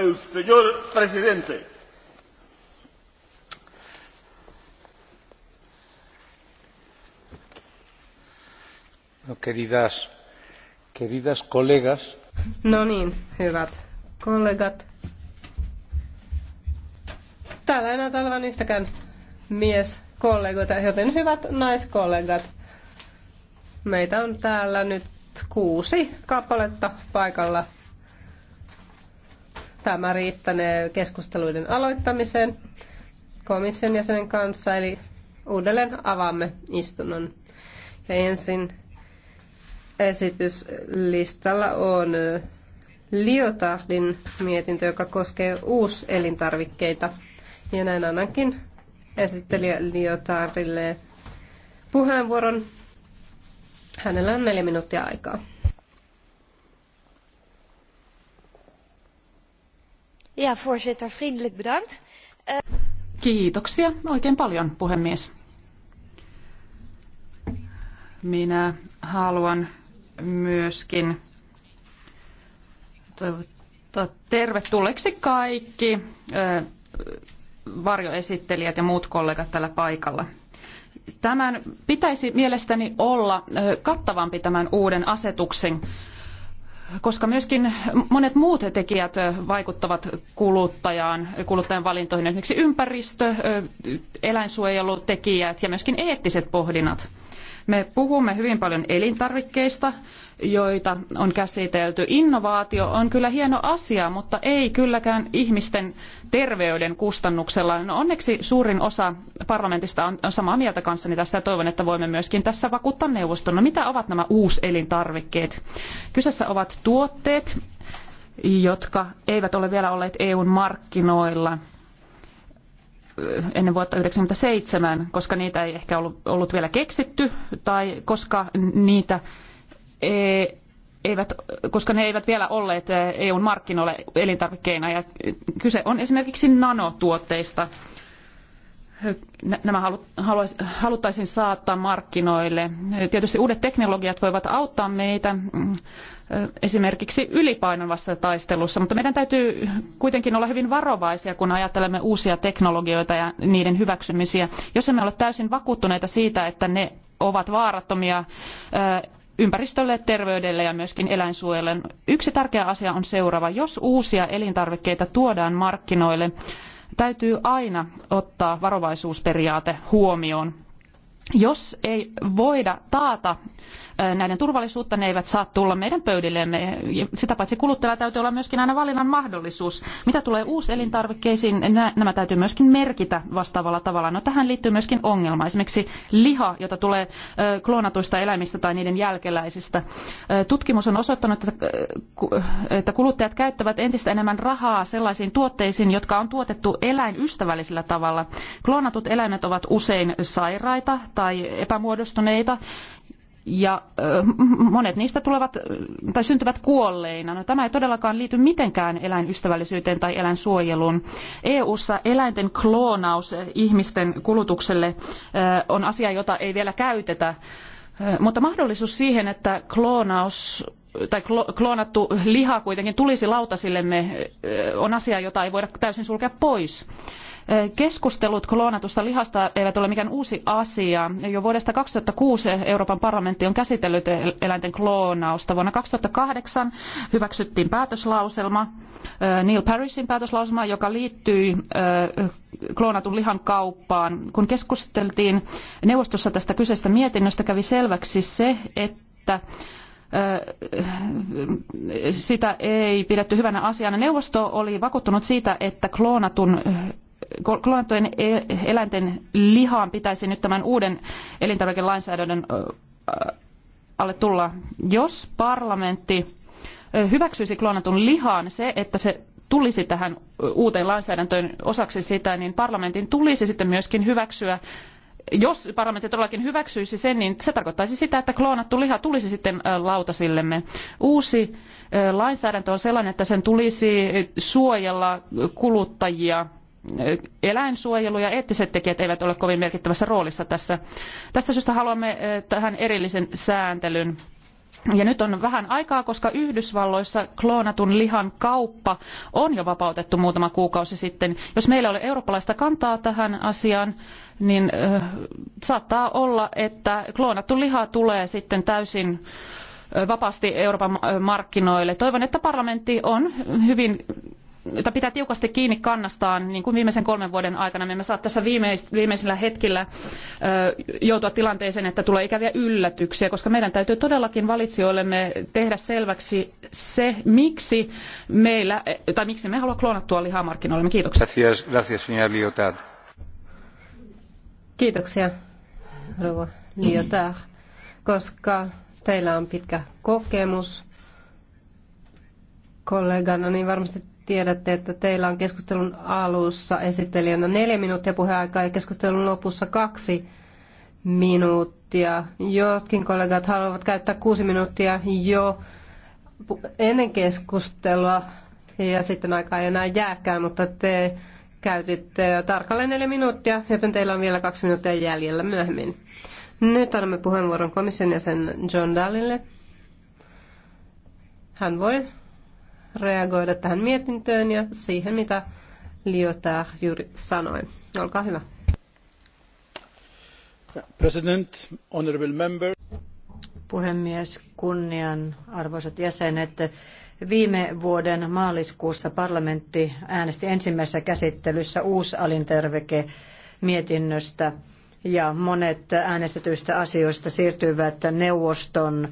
el señor presidente. No, queridas, queridas colegas. No niin, hyvät kollegat. Täällä ei näytä olevan yhtäkään mieskollegoita, joten hyvät naiskollegat. Meitä on täällä nyt kuusi kappaletta paikalla Tämä riittänee keskusteluiden aloittamiseen komission jäsenen kanssa, eli uudelleen avaamme istunnon. Ja ensin esityslistalla on Liotahdin mietintö, joka koskee uuselintarvikkeita. Ja näin annankin esittelijä Liotardille puheenvuoron. Hänellä on neljä minuuttia aikaa. voorzitter vriendelijk bedankt. Eh, Kiitoksia oikein paljon, puhemies. Minä haluan myöskin toivottaa tervetulleeksi kaikki eh, varjoesittelijät ja muut kollegat tällä paikalla. Tämän pitäisi mielestäni olla eh, kattavampi tämän uuden asetuksen koska myöskin monet muut tekijät vaikuttavat kuluttajaan, kuluttajan valintoihin, esimerkiksi ympäristö, eläinsuojelutekijät ja myöskin eettiset pohdinnat. Me puhumme hyvin paljon elintarvikkeista, joita on käsitelty. Innovaatio on kyllä hieno asia, mutta ei kylläkään ihmisten terveyden kustannuksella. No onneksi suurin osa parlamentista on samaa mieltä kanssani tästä ja toivon, että voimme myöskin tässä vakuuttaa neuvoston. No, mitä ovat nämä uuselintarvikkeet? Kyseessä ovat tuotteet, jotka eivät ole vielä olleet EUn markkinoilla ennen vuotta 1997, koska niitä ei ehkä ollut, ollut vielä keksitty tai koska niitä E, eivät, koska ne eivät vielä olleet e, EUn markkinoille elintarvikkeina. Ja kyse on esimerkiksi nanotuotteista. Nämä haluttaisiin saattaa markkinoille. Tietysti uudet teknologiat voivat auttaa meitä mm, e, esimerkiksi ylipainovassa taistelussa, mutta meidän täytyy kuitenkin olla hyvin varovaisia, kun ajattelemme uusia teknologioita ja niiden hyväksymisiä. Jos emme ole täysin vakuuttuneita siitä, että ne ovat vaarattomia ympäristölle, terveydelle ja myöskin eläinsuojelulle. Yksi tärkeä asia on seuraava. Jos uusia elintarvikkeita tuodaan markkinoille, täytyy aina ottaa varovaisuusperiaate huomioon. Jos ei voida taata näiden turvallisuutta, ne eivät saa tulla meidän pöydillemme. Sitä paitsi kuluttajalla täytyy olla myöskin aina valinnan mahdollisuus. Mitä tulee uuselintarvikkeisiin, nämä täytyy myöskin merkitä vastaavalla tavalla. No tähän liittyy myöskin ongelma. Esimerkiksi liha, jota tulee kloonatuista eläimistä tai niiden jälkeläisistä. Tutkimus on osoittanut, että kuluttajat käyttävät entistä enemmän rahaa sellaisiin tuotteisiin, jotka on tuotettu eläinystävällisellä tavalla. Kloonatut eläimet ovat usein sairaita tai epämuodostuneita ja monet niistä tulevat tai syntyvät kuolleina. No, tämä ei todellakaan liity mitenkään eläinystävällisyyteen tai eläinsuojeluun. EU:ssa eläinten kloonaus ihmisten kulutukselle on asia, jota ei vielä käytetä, mutta mahdollisuus siihen, että kloonaus tai kloonattu liha kuitenkin tulisi lautasillemme on asia, jota ei voida täysin sulkea pois. Keskustelut kloonatusta lihasta eivät ole mikään uusi asia. Jo vuodesta 2006 Euroopan parlamentti on käsitellyt eläinten kloonausta. Vuonna 2008 hyväksyttiin päätöslauselma, äh, Neil Parisin päätöslauselma, joka liittyi äh, kloonatun lihan kauppaan. Kun keskusteltiin neuvostossa tästä kyseisestä mietinnöstä, kävi selväksi se, että äh, sitä ei pidetty hyvänä asiana. Neuvosto oli vakuuttunut siitä, että kloonatun klonattujen e- eläinten lihaan pitäisi nyt tämän uuden elintarvikelainsäädännön alle tulla. Jos parlamentti hyväksyisi kloonatun lihan, se, että se tulisi tähän uuteen lainsäädäntöön osaksi sitä, niin parlamentin tulisi sitten myöskin hyväksyä jos parlamentti todellakin hyväksyisi sen, niin se tarkoittaisi sitä, että kloonattu liha tulisi sitten lautasillemme. Uusi lainsäädäntö on sellainen, että sen tulisi suojella kuluttajia eläinsuojelu ja eettiset tekijät eivät ole kovin merkittävässä roolissa tässä. Tästä syystä haluamme eh, tähän erillisen sääntelyn. Ja nyt on vähän aikaa, koska Yhdysvalloissa kloonatun lihan kauppa on jo vapautettu muutama kuukausi sitten. Jos meillä ei ole eurooppalaista kantaa tähän asiaan, niin äh, saattaa olla, että kloonattu liha tulee sitten täysin eh, vapaasti Euroopan markkinoille. Toivon, että parlamentti on hyvin jota pitää tiukasti kiinni kannastaan niin kuin viimeisen kolmen vuoden aikana. Me emme saa tässä viimeis- viimeisillä hetkillä joutua tilanteeseen, että tulee ikäviä yllätyksiä, koska meidän täytyy todellakin valitsijoillemme tehdä selväksi se, miksi meillä, tai miksi me halua kloonattua lihaa markkinoillemme. Kiitoksia. Gracias, gracias, señor Kiitoksia, rouva Lyotard, koska teillä on pitkä kokemus kolleganani niin varmasti tiedätte, että teillä on keskustelun alussa esittelijänä neljä minuuttia puheaikaa ja keskustelun lopussa kaksi minuuttia. Jotkin kollegat haluavat käyttää kuusi minuuttia jo ennen keskustelua ja sitten aika ei enää jääkään, mutta te käytitte tarkalleen neljä minuuttia, joten teillä on vielä kaksi minuuttia jäljellä myöhemmin. Nyt annamme puheenvuoron komission jäsen John Dallille. Hän voi reagoida tähän mietintöön ja siihen, mitä Lyotard juuri sanoi. Olkaa hyvä. President, honorable member. Puhemies, arvoisat jäsenet, Viime vuoden maaliskuussa parlamentti äänesti ensimmäisessä käsittelyssä uusalinterveke mietinnöstä ja monet äänestetyistä asioista siirtyivät neuvoston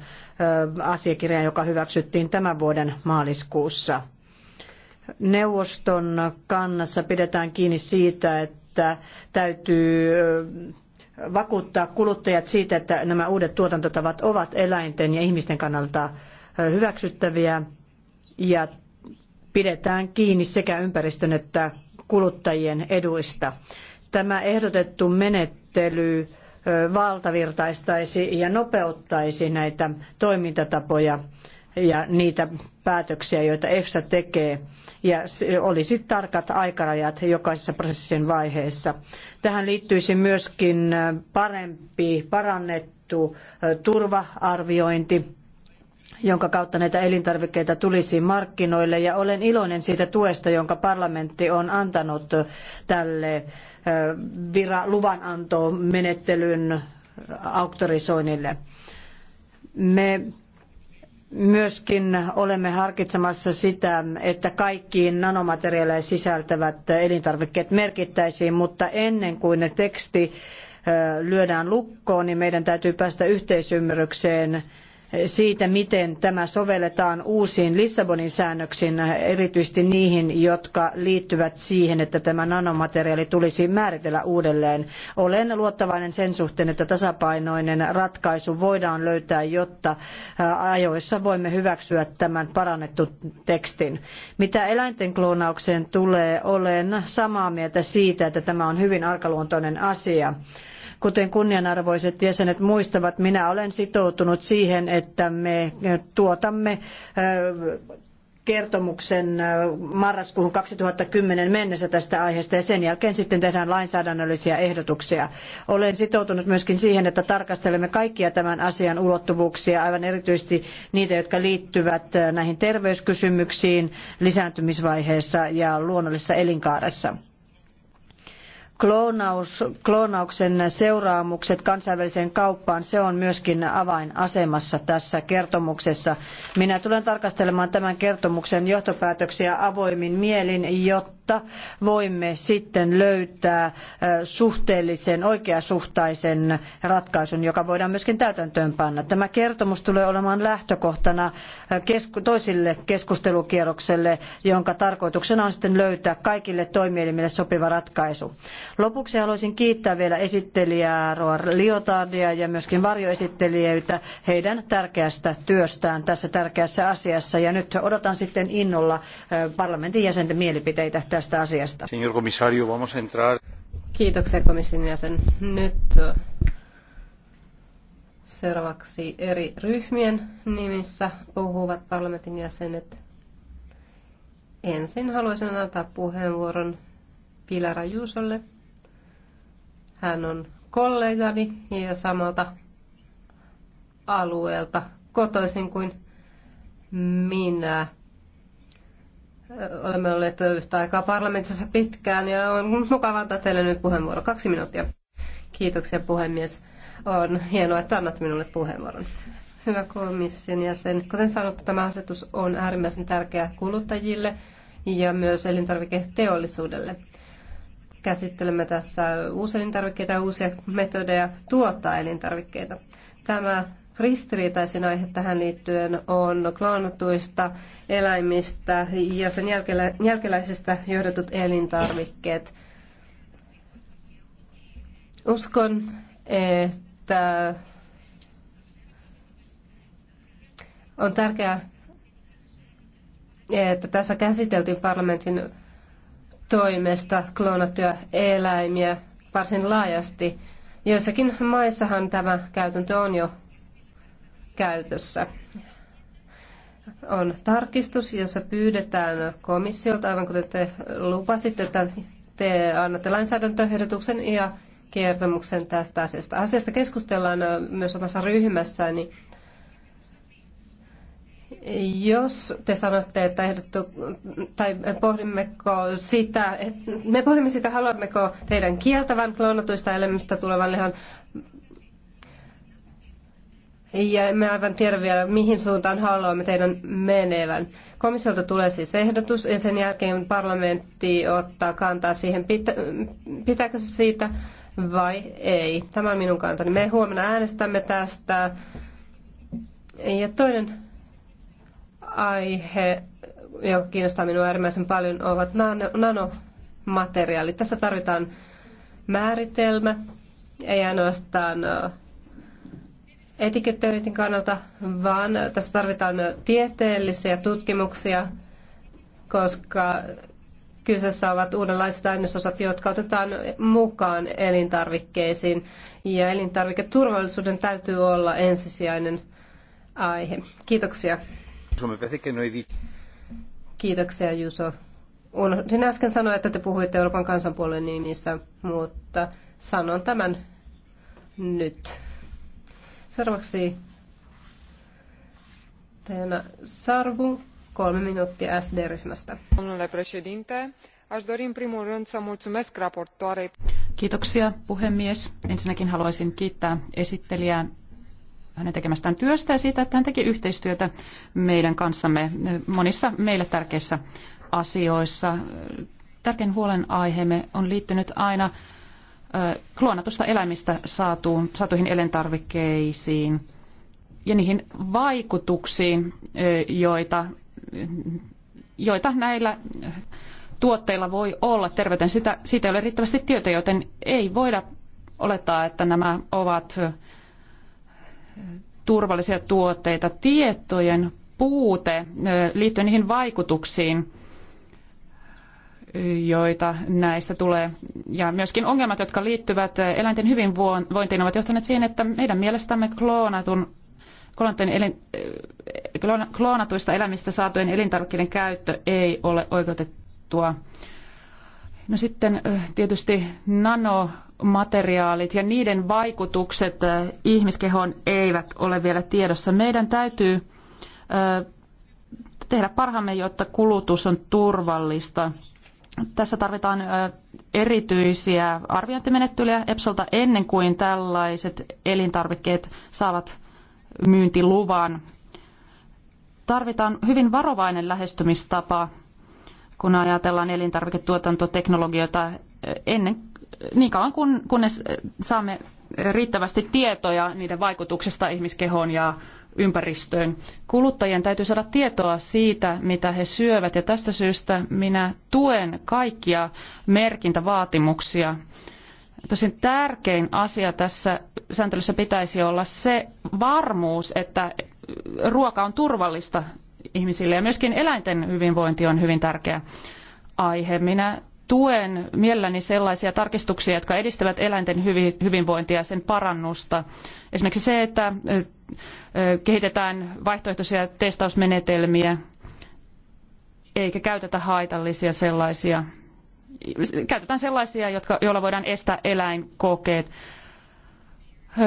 asiakirjaan, joka hyväksyttiin tämän vuoden maaliskuussa. Neuvoston kannassa pidetään kiinni siitä, että täytyy vakuuttaa kuluttajat siitä, että nämä uudet tuotantotavat ovat eläinten ja ihmisten kannalta hyväksyttäviä ja pidetään kiinni sekä ympäristön että kuluttajien eduista. Tämä ehdotettu menettely menettely valtavirtaistaisi ja nopeuttaisi näitä toimintatapoja ja niitä päätöksiä, joita EFSA tekee, ja olisi tarkat aikarajat jokaisessa prosessin vaiheessa. Tähän liittyisi myöskin parempi, parannettu turva-arviointi jonka kautta näitä elintarvikkeita tulisi markkinoille. Ja olen iloinen siitä tuesta, jonka parlamentti on antanut tälle vira- luvanantomenettelyn auktorisoinnille. Me myöskin olemme harkitsemassa sitä, että kaikkiin nanomateriaaleja sisältävät elintarvikkeet merkittäisiin, mutta ennen kuin ne teksti lyödään lukkoon, niin meidän täytyy päästä yhteisymmärrykseen siitä, miten tämä sovelletaan uusiin Lissabonin säännöksiin, erityisesti niihin, jotka liittyvät siihen, että tämä nanomateriaali tulisi määritellä uudelleen. Olen luottavainen sen suhteen, että tasapainoinen ratkaisu voidaan löytää, jotta ajoissa voimme hyväksyä tämän parannetun tekstin. Mitä eläinten kloonaukseen tulee, olen samaa mieltä siitä, että tämä on hyvin arkaluontoinen asia. Kuten kunnianarvoiset jäsenet muistavat, minä olen sitoutunut siihen, että me tuotamme kertomuksen marraskuuhun 2010 mennessä tästä aiheesta ja sen jälkeen sitten tehdään lainsäädännöllisiä ehdotuksia. Olen sitoutunut myöskin siihen, että tarkastelemme kaikkia tämän asian ulottuvuuksia, aivan erityisesti niitä, jotka liittyvät näihin terveyskysymyksiin lisääntymisvaiheessa ja luonnollisessa elinkaaressa. Kloonaus, kloonauksen seuraamukset kansainväliseen kauppaan, se on myöskin avainasemassa tässä kertomuksessa. Minä tulen tarkastelemaan tämän kertomuksen johtopäätöksiä avoimin mielin, jotta voimme sitten löytää suhteellisen, oikeasuhtaisen ratkaisun, joka voidaan myöskin täytäntöönpanna. Tämä kertomus tulee olemaan lähtökohtana kesku, toisille keskustelukierrokselle, jonka tarkoituksena on sitten löytää kaikille toimielimille sopiva ratkaisu. Lopuksi haluaisin kiittää vielä esittelijää Roar Liotardia ja myöskin varjoesittelijöitä heidän tärkeästä työstään tässä tärkeässä asiassa. Ja nyt odotan sitten innolla parlamentin jäsenten mielipiteitä tästä asiasta. vamos entrar. Kiitoksia komission jäsen. Nyt seuraavaksi eri ryhmien nimissä puhuvat parlamentin jäsenet. Ensin haluaisin antaa puheenvuoron Pilar Ajusolle hän on kollegani ja samalta alueelta kotoisin kuin minä. Olemme olleet yhtä aikaa parlamentissa pitkään ja on mukava antaa teille nyt puheenvuoro. Kaksi minuuttia. Kiitoksia puhemies. On hienoa, että annat minulle puheenvuoron. Hyvä komission jäsen. Kuten sanottu, tämä asetus on äärimmäisen tärkeä kuluttajille ja myös elintarviketeollisuudelle. Käsittelemme tässä uuselintarvikkeita ja uusia metodeja tuottaa elintarvikkeita. Tämä ristiriitaisin aihe tähän liittyen on kloonatuista eläimistä ja sen jälkelä, jälkeläisistä johdetut elintarvikkeet. Uskon, että on tärkeää, että tässä käsiteltiin parlamentin toimesta kloonattuja eläimiä varsin laajasti. Joissakin maissahan tämä käytäntö on jo käytössä. On tarkistus, jossa pyydetään komissiolta, aivan kuten te lupasitte, että te annatte lainsäädäntöehdotuksen ja kertomuksen tästä asiasta. Asiasta keskustellaan myös omassa ryhmässäni. Niin jos te sanotte, että ehdottu, tai pohdimmeko sitä, me pohdimme sitä, haluammeko teidän kieltävän kloonatuista elämistä tulevan lihan, ja me aivan tiedä vielä, mihin suuntaan haluamme teidän menevän. Komissiolta tulee siis ehdotus ja sen jälkeen parlamentti ottaa kantaa siihen, pitääkö se siitä vai ei. Tämä on minun kantani. Me huomenna äänestämme tästä. Ja toinen aihe, joka kiinnostaa minua äärimmäisen paljon, ovat nanomateriaalit. Tässä tarvitaan määritelmä, ei ainoastaan etikettöinnin kannalta, vaan tässä tarvitaan tieteellisiä tutkimuksia, koska kyseessä ovat uudenlaiset ainesosat, jotka otetaan mukaan elintarvikkeisiin. Ja elintarviketurvallisuuden täytyy olla ensisijainen aihe. Kiitoksia. Kiitoksia Juso. Unohdin äsken sanoa, että te puhuitte Euroopan kansanpuolueen nimissä, mutta sanon tämän nyt. Seuraavaksi Teena Sarvu, kolme minuuttia SD-ryhmästä. aș dori în primul rând să mulțumesc raportoarei. Kiitoksia puhemies. Ensinnäkin haluaisin kiittää esittelijää hänen tekemästään työstä ja siitä, että hän teki yhteistyötä meidän kanssamme monissa meille tärkeissä asioissa. Tärkein huolenaiheemme on liittynyt aina kloonatusta eläimistä saatuun, saatuihin elintarvikkeisiin ja niihin vaikutuksiin, joita, joita näillä tuotteilla voi olla terveyteen. Sitä, siitä ei ole riittävästi tietoa, joten ei voida olettaa, että nämä ovat turvallisia tuotteita. Tietojen puute liittyen niihin vaikutuksiin, joita näistä tulee. Ja myöskin ongelmat, jotka liittyvät eläinten hyvinvointiin, ovat johtaneet siihen, että meidän mielestämme kloonatun kloonatuista elämistä saatujen elintarvikkeiden käyttö ei ole oikeutettua No sitten tietysti nanomateriaalit ja niiden vaikutukset ihmiskehoon eivät ole vielä tiedossa. Meidän täytyy tehdä parhaamme, jotta kulutus on turvallista. Tässä tarvitaan erityisiä arviointimenettelyjä EPSolta ennen kuin tällaiset elintarvikkeet saavat myyntiluvan. Tarvitaan hyvin varovainen lähestymistapa kun ajatellaan elintarviketuotantoteknologioita ennen, niin kauan kun, kunnes saamme riittävästi tietoja niiden vaikutuksesta ihmiskehoon ja ympäristöön. Kuluttajien täytyy saada tietoa siitä, mitä he syövät, ja tästä syystä minä tuen kaikkia merkintävaatimuksia. Tosin tärkein asia tässä sääntelyssä pitäisi olla se varmuus, että ruoka on turvallista ihmisille ja myöskin eläinten hyvinvointi on hyvin tärkeä aihe. Minä tuen mielelläni sellaisia tarkistuksia, jotka edistävät eläinten hyvinvointia ja sen parannusta. Esimerkiksi se, että kehitetään vaihtoehtoisia testausmenetelmiä eikä käytetä haitallisia sellaisia. Käytetään sellaisia, jotka, joilla voidaan estää eläinkokeet.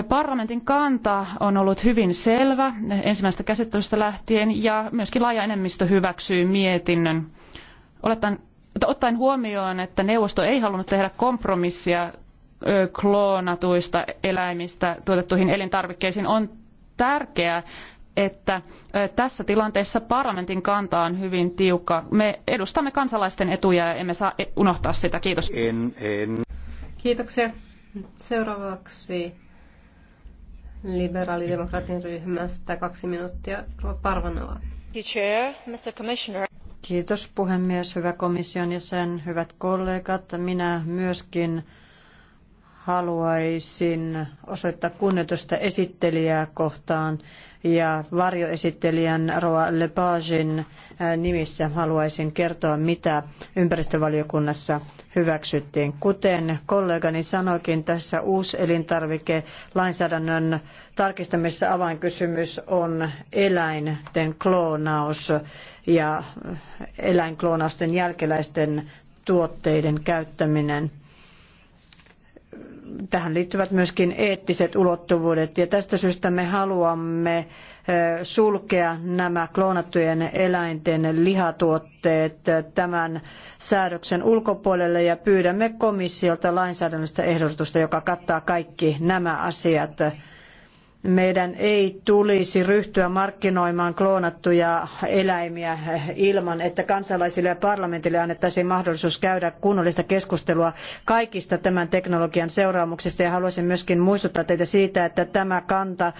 Parlamentin kanta on ollut hyvin selvä ensimmäisestä käsittelystä lähtien ja myöskin laaja enemmistö hyväksyi mietinnön. Oletan, ottaen huomioon, että neuvosto ei halunnut tehdä kompromissia kloonatuista eläimistä tuotettuihin elintarvikkeisiin, on tärkeää, että tässä tilanteessa parlamentin kanta on hyvin tiukka. Me edustamme kansalaisten etuja ja emme saa e- unohtaa sitä. Kiitos. En, en. Kiitoksia. Seuraavaksi liberaalidemokraatin ryhmästä. Kaksi minuuttia. Parvanova. Kiitos puhemies, hyvä komission jäsen, hyvät kollegat. Minä myöskin haluaisin osoittaa kunnioitusta esittelijää kohtaan ja varjoesittelijän Roa Lepagin äh, nimissä haluaisin kertoa, mitä ympäristövaliokunnassa hyväksyttiin. Kuten kollegani sanoikin, tässä elintarvike lainsäädännön tarkistamisessa avainkysymys on eläinten kloonaus ja eläinkloonausten jälkeläisten tuotteiden käyttäminen tähän liittyvät myöskin eettiset ulottuvuudet ja tästä syystä me haluamme sulkea nämä kloonattujen eläinten lihatuotteet tämän säädöksen ulkopuolelle ja pyydämme komissiolta lainsäädännöllistä ehdotusta, joka kattaa kaikki nämä asiat meidän ei tulisi ryhtyä markkinoimaan kloonattuja eläimiä ilman, että kansalaisille ja parlamentille annettaisiin mahdollisuus käydä kunnollista keskustelua kaikista tämän teknologian seuraamuksista. Ja haluaisin myöskin muistuttaa teitä siitä, että tämä kanta,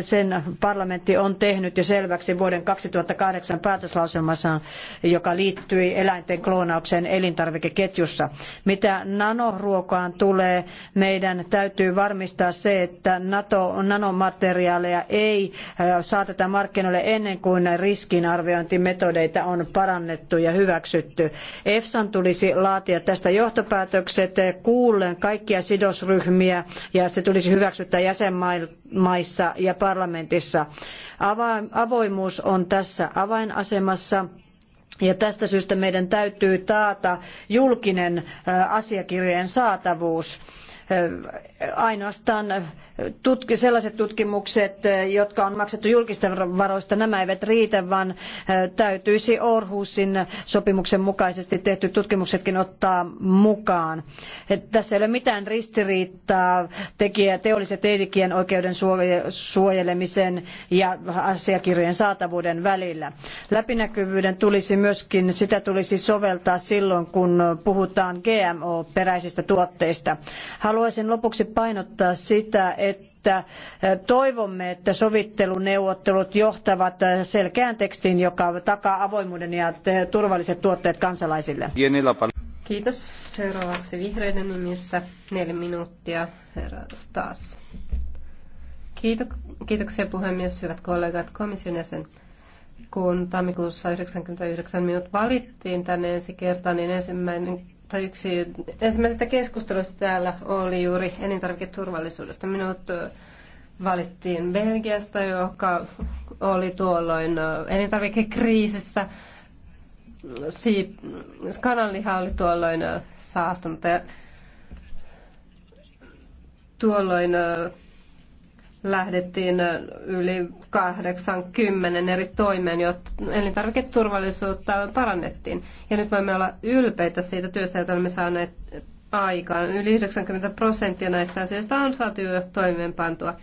sen parlamentti on tehnyt jo selväksi vuoden 2008 päätöslauselmassa, joka liittyi eläinten kloonaukseen elintarvikeketjussa. Mitä nanoruokaan tulee, meidän täytyy varmistaa se, että NATO, nano nanomateriaaleja ei saateta markkinoille ennen kuin riskinarviointimetodeita on parannettu ja hyväksytty. EFSAn tulisi laatia tästä johtopäätökset kuullen kaikkia sidosryhmiä ja se tulisi hyväksyttää jäsenmaissa ja parlamentissa. Avoimuus on tässä avainasemassa. Ja tästä syystä meidän täytyy taata julkinen asiakirjojen saatavuus ainoastaan tutki, sellaiset tutkimukset, jotka on maksettu julkisten varoista, nämä eivät riitä, vaan äh, täytyisi Orhusin sopimuksen mukaisesti tehty tutkimuksetkin ottaa mukaan. tässä ei ole mitään ristiriitaa tekijä, teollisen tekijän oikeuden suojelemisen ja asiakirjojen saatavuuden välillä. Läpinäkyvyyden tulisi myöskin, sitä tulisi soveltaa silloin, kun puhutaan GMO-peräisistä tuotteista. Haluaisin lopuksi painottaa sitä, että toivomme, että sovitteluneuvottelut johtavat selkeään tekstiin, joka takaa avoimuuden ja turvalliset tuotteet kansalaisille. Kiitos. Seuraavaksi vihreiden nimissä neljä minuuttia. Herra Stas. kiitoksia puhemies, hyvät kollegat, komission jäsen. Kun tammikuussa 99 minut valittiin tänne ensi kertaa, niin ensimmäinen tai yksi ensimmäisestä keskustelusta täällä oli juuri elintarviketurvallisuudesta. Minut valittiin Belgiasta, joka oli tuolloin elintarvikekriisissä. Siip, kananliha oli tuolloin saastunut ja tuolloin lähdettiin yli 80 eri toimeen, jotta elintarviketurvallisuutta parannettiin. Ja nyt voimme olla ylpeitä siitä työstä, jota olemme saaneet aikaan. Yli 90 prosenttia näistä asioista on saatu jo toimeenpantua.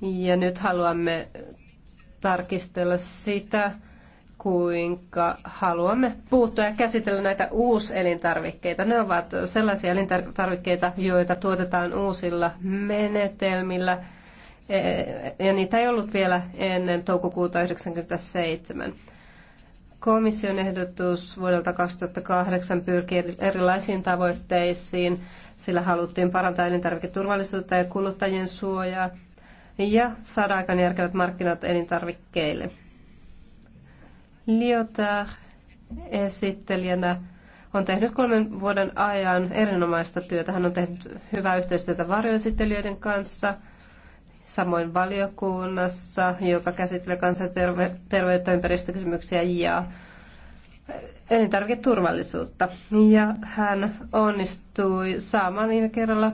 Ja nyt haluamme tarkistella sitä, kuinka haluamme puuttua ja käsitellä näitä uuselintarvikkeita. Ne ovat sellaisia elintarvikkeita, joita tuotetaan uusilla menetelmillä, e, ja niitä ei ollut vielä ennen toukokuuta 1997. Komission ehdotus vuodelta 2008 pyrkii erilaisiin tavoitteisiin. Sillä haluttiin parantaa elintarviketurvallisuutta ja kuluttajien suojaa ja saada aikaan järkevät markkinat elintarvikkeille. Lyotard esittelijänä on tehnyt kolmen vuoden ajan erinomaista työtä. Hän on tehnyt hyvää yhteistyötä varjoesittelijöiden kanssa, samoin valiokunnassa, joka käsittelee kansanterveyttä, ympäristökysymyksiä ja elintarviketurvallisuutta. Ja hän onnistui saamaan viime kerralla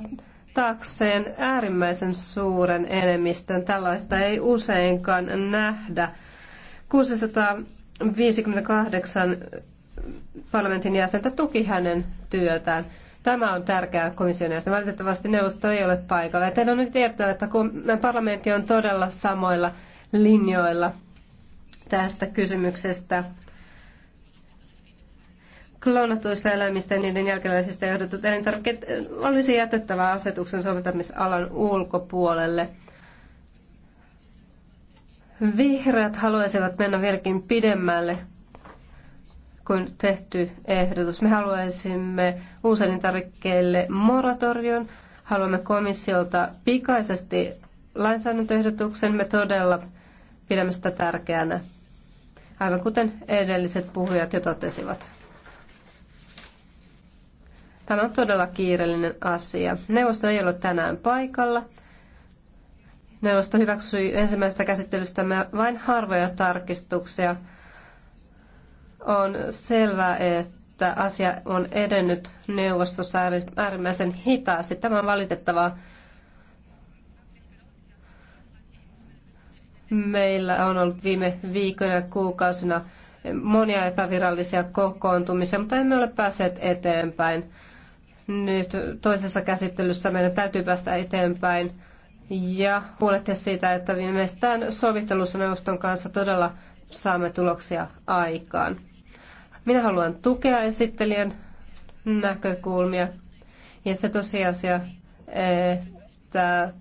taakseen äärimmäisen suuren enemmistön. Tällaista ei useinkaan nähdä. 600 58 parlamentin jäsentä tuki hänen työtään. Tämä on tärkeää komission jäsen. Valitettavasti neuvosto ei ole paikalla. Ja teidän on nyt tiettävä, että kun parlamentti on todella samoilla linjoilla tästä kysymyksestä. Kloonatuista eläimistä ja niiden jälkeläisistä johdetut elintarvikkeet olisi jätettävä asetuksen soveltamisalan ulkopuolelle – Vihreät haluaisivat mennä vieläkin pidemmälle kuin tehty ehdotus. Me haluaisimme uuselintarvikkeille moratorion, haluamme komissiolta pikaisesti lainsäädäntöehdotuksen, me todella pidämme sitä tärkeänä, aivan kuten edelliset puhujat jo totesivat. Tämä on todella kiireellinen asia. Neuvosto ei ole tänään paikalla – Neuvosto hyväksyi ensimmäisestä käsittelystämme vain harvoja tarkistuksia. On selvää, että asia on edennyt neuvostossa äärimmäisen hitaasti. Tämä on valitettavaa. Meillä on ollut viime viikoina ja kuukausina monia epävirallisia kokoontumisia, mutta emme ole päässeet eteenpäin. Nyt toisessa käsittelyssä meidän täytyy päästä eteenpäin ja huolehtia siitä, että viimeistään sovittelussa neuvoston kanssa todella saamme tuloksia aikaan. Minä haluan tukea esittelijän näkökulmia ja se tosiasia, että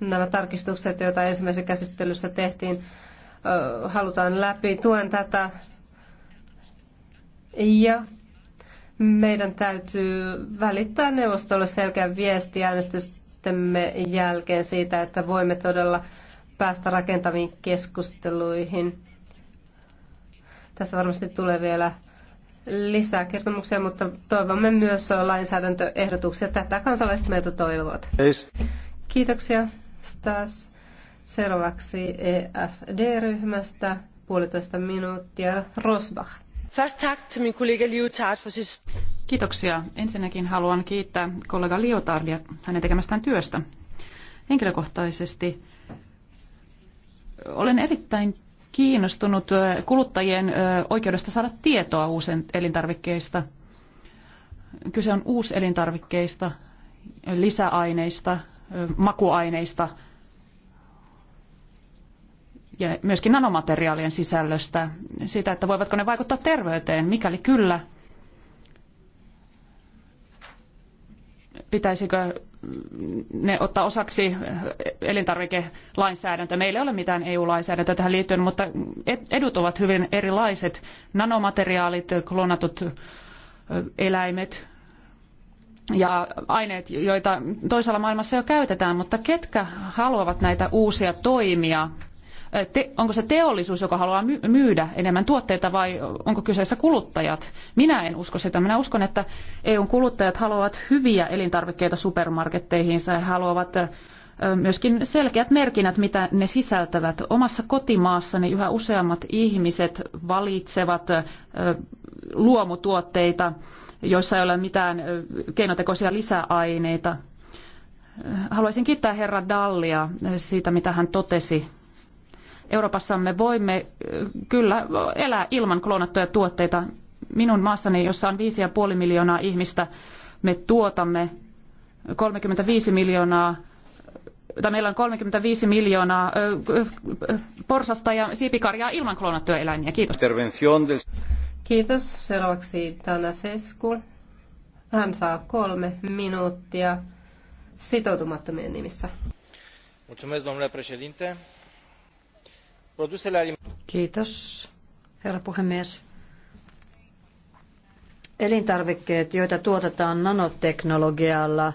nämä tarkistukset, joita ensimmäisessä käsittelyssä tehtiin, halutaan läpi. Tuen tätä ja meidän täytyy välittää neuvostolle selkeä viesti äänestystemme jälkeen siitä, että voimme todella päästä rakentaviin keskusteluihin. Tässä varmasti tulee vielä lisää kertomuksia, mutta toivomme myös lainsäädäntöehdotuksia. Tätä kansalaiset meiltä toivovat. Kiitoksia, Stas. Seuraavaksi EFD-ryhmästä puolitoista minuuttia. Rosbach. Kiitoksia. Ensinnäkin haluan kiittää kollega Liotardia hänen tekemästään työstä. Henkilökohtaisesti olen erittäin kiinnostunut kuluttajien oikeudesta saada tietoa uusien elintarvikkeista. Kyse on uuselintarvikkeista, lisäaineista, makuaineista – ja myöskin nanomateriaalien sisällöstä, sitä, että voivatko ne vaikuttaa terveyteen. Mikäli kyllä, pitäisikö ne ottaa osaksi elintarvikelainsäädäntöä. Meillä ei ole mitään EU-lainsäädäntöä tähän liittyen, mutta edut ovat hyvin erilaiset. Nanomateriaalit, klonatut eläimet ja aineet, joita toisella maailmassa jo käytetään, mutta ketkä haluavat näitä uusia toimia te, onko se teollisuus, joka haluaa myydä enemmän tuotteita vai onko kyseessä kuluttajat? Minä en usko sitä. Minä uskon, että EUn kuluttajat haluavat hyviä elintarvikkeita supermarketteihinsa ja haluavat myöskin selkeät merkinnät, mitä ne sisältävät. Omassa kotimaassani yhä useammat ihmiset valitsevat luomutuotteita, joissa ei ole mitään keinotekoisia lisäaineita. Haluaisin kiittää herra Dallia siitä, mitä hän totesi Euroopassa me voimme kyllä elää ilman kloonattuja tuotteita. Minun maassani, jossa on 5,5 miljoonaa ihmistä, me tuotamme 35 miljoonaa tai meillä on 35 miljoonaa porsasta ja siipikarjaa ilman kloonattuja eläimiä. Kiitos. Kiitos. Seuraavaksi Tana Sesku. Hän saa kolme minuuttia sitoutumattomien nimissä. Mulțumesc, domnule președinte. Kiitos, herra puhemies. Elintarvikkeet, joita tuotetaan nanoteknologialla,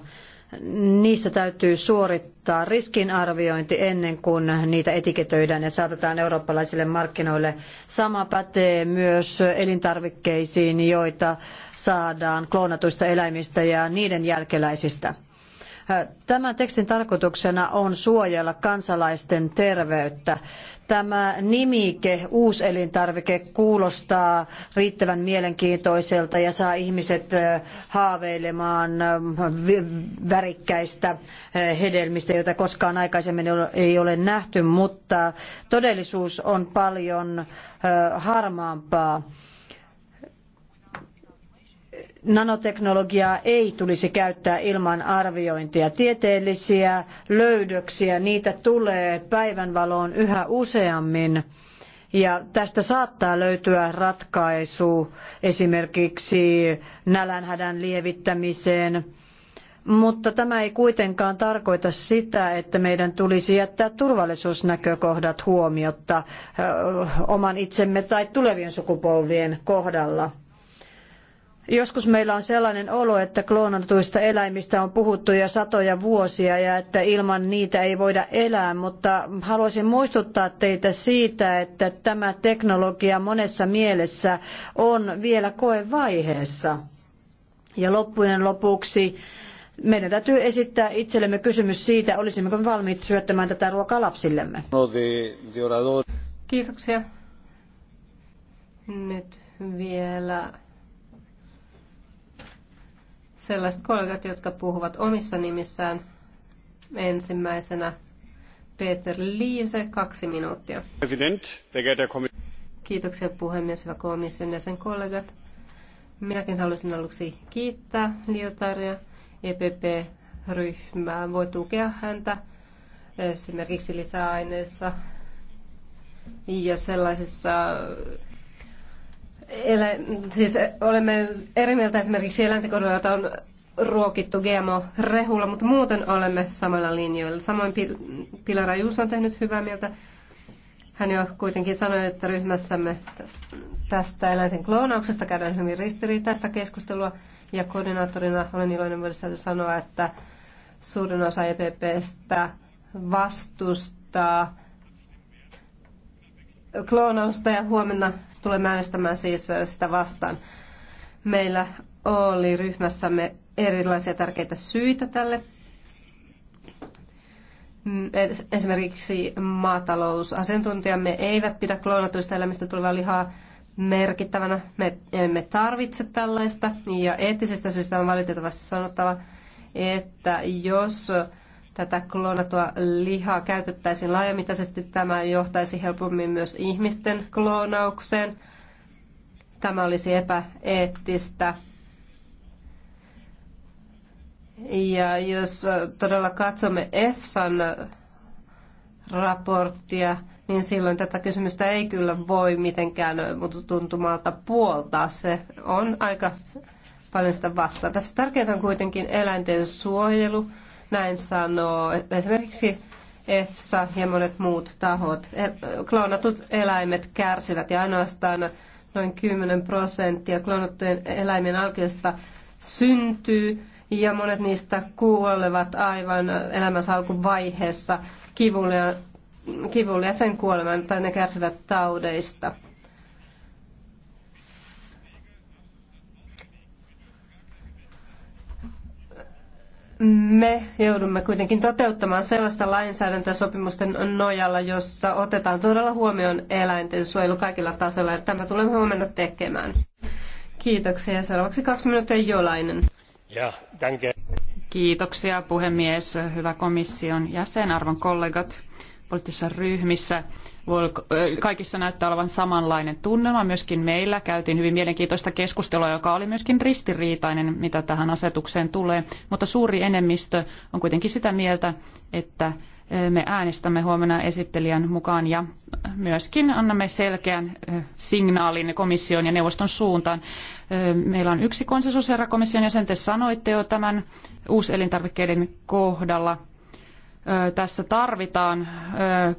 niistä täytyy suorittaa riskinarviointi ennen kuin niitä etiketöidään ja saatetaan eurooppalaisille markkinoille. Sama pätee myös elintarvikkeisiin, joita saadaan kloonatuista eläimistä ja niiden jälkeläisistä. Tämän tekstin tarkoituksena on suojella kansalaisten terveyttä. Tämä nimike uuselintarvike kuulostaa riittävän mielenkiintoiselta ja saa ihmiset haaveilemaan värikkäistä hedelmistä, joita koskaan aikaisemmin ei ole nähty, mutta todellisuus on paljon harmaampaa nanoteknologiaa ei tulisi käyttää ilman arviointia. Tieteellisiä löydöksiä, niitä tulee päivänvaloon yhä useammin. Ja tästä saattaa löytyä ratkaisu esimerkiksi nälänhädän lievittämiseen, mutta tämä ei kuitenkaan tarkoita sitä, että meidän tulisi jättää turvallisuusnäkökohdat huomiotta oman itsemme tai tulevien sukupolvien kohdalla. Joskus meillä on sellainen olo, että kloonatuista eläimistä on puhuttu jo satoja vuosia ja että ilman niitä ei voida elää, mutta haluaisin muistuttaa teitä siitä, että tämä teknologia monessa mielessä on vielä koevaiheessa. Ja loppujen lopuksi meidän täytyy esittää itsellemme kysymys siitä, olisimmeko valmiit syöttämään tätä ruokaa lapsillemme. Kiitoksia. Nyt vielä sellaiset kollegat, jotka puhuvat omissa nimissään. Ensimmäisenä Peter Liise, kaksi minuuttia. President, Kiitoksia puhemies, hyvä komission ja sen kollegat. Minäkin haluaisin aluksi kiittää Liotaria, EPP-ryhmää. Voi tukea häntä esimerkiksi lisäaineissa ja sellaisissa elä, siis olemme eri mieltä esimerkiksi eläintekodulla, jota on ruokittu GMO-rehulla, mutta muuten olemme samalla linjoilla. Samoin Pilara Juus on tehnyt hyvää mieltä. Hän jo kuitenkin sanoi, että ryhmässämme tästä eläinten kloonauksesta käydään hyvin ristiriitaista keskustelua. Ja koordinaattorina olen iloinen voidessa sanoa, että suurin osa EPPstä vastustaa kloonausta ja huomenna tulemme äänestämään siis sitä vastaan. Meillä oli ryhmässämme erilaisia tärkeitä syitä tälle. Mm, esimerkiksi maatalousasiantuntijamme eivät pidä kloonatuista elämistä tulevaa lihaa merkittävänä. Me emme tarvitse tällaista ja eettisistä syistä on valitettavasti sanottava, että jos tätä kloonatua lihaa käytettäisiin laajamittaisesti, tämä johtaisi helpommin myös ihmisten kloonaukseen. Tämä olisi epäeettistä. Ja jos todella katsomme EFSAn raporttia, niin silloin tätä kysymystä ei kyllä voi mitenkään tuntumalta puoltaa. Se on aika paljon sitä vastaan. Tässä tärkeintä on kuitenkin eläinten suojelu, näin sanoo esimerkiksi EFSA ja monet muut tahot. E, kloonatut eläimet kärsivät ja ainoastaan noin 10 prosenttia kloonattujen eläimien alkiosta syntyy ja monet niistä kuolevat aivan elämänsä alkuvaiheessa kivulia, kivulia sen kuoleman tai ne kärsivät taudeista. me joudumme kuitenkin toteuttamaan sellaista lainsäädäntöä sopimusten nojalla, jossa otetaan todella huomioon eläinten suojelu kaikilla tasoilla, ja tämä tulemme huomenna tekemään. Kiitoksia. Ja seuraavaksi kaksi minuuttia Jolainen. Ja, danke. Kiitoksia puhemies, hyvä komission jäsen, arvon kollegat poliittisissa ryhmissä kaikissa näyttää olevan samanlainen tunnelma. Myöskin meillä käytiin hyvin mielenkiintoista keskustelua, joka oli myöskin ristiriitainen, mitä tähän asetukseen tulee. Mutta suuri enemmistö on kuitenkin sitä mieltä, että me äänestämme huomenna esittelijän mukaan ja myöskin annamme selkeän signaalin komission ja neuvoston suuntaan. Meillä on yksi herra komission jäsen, te sanoitte jo tämän uuselintarvikkeiden kohdalla – tässä tarvitaan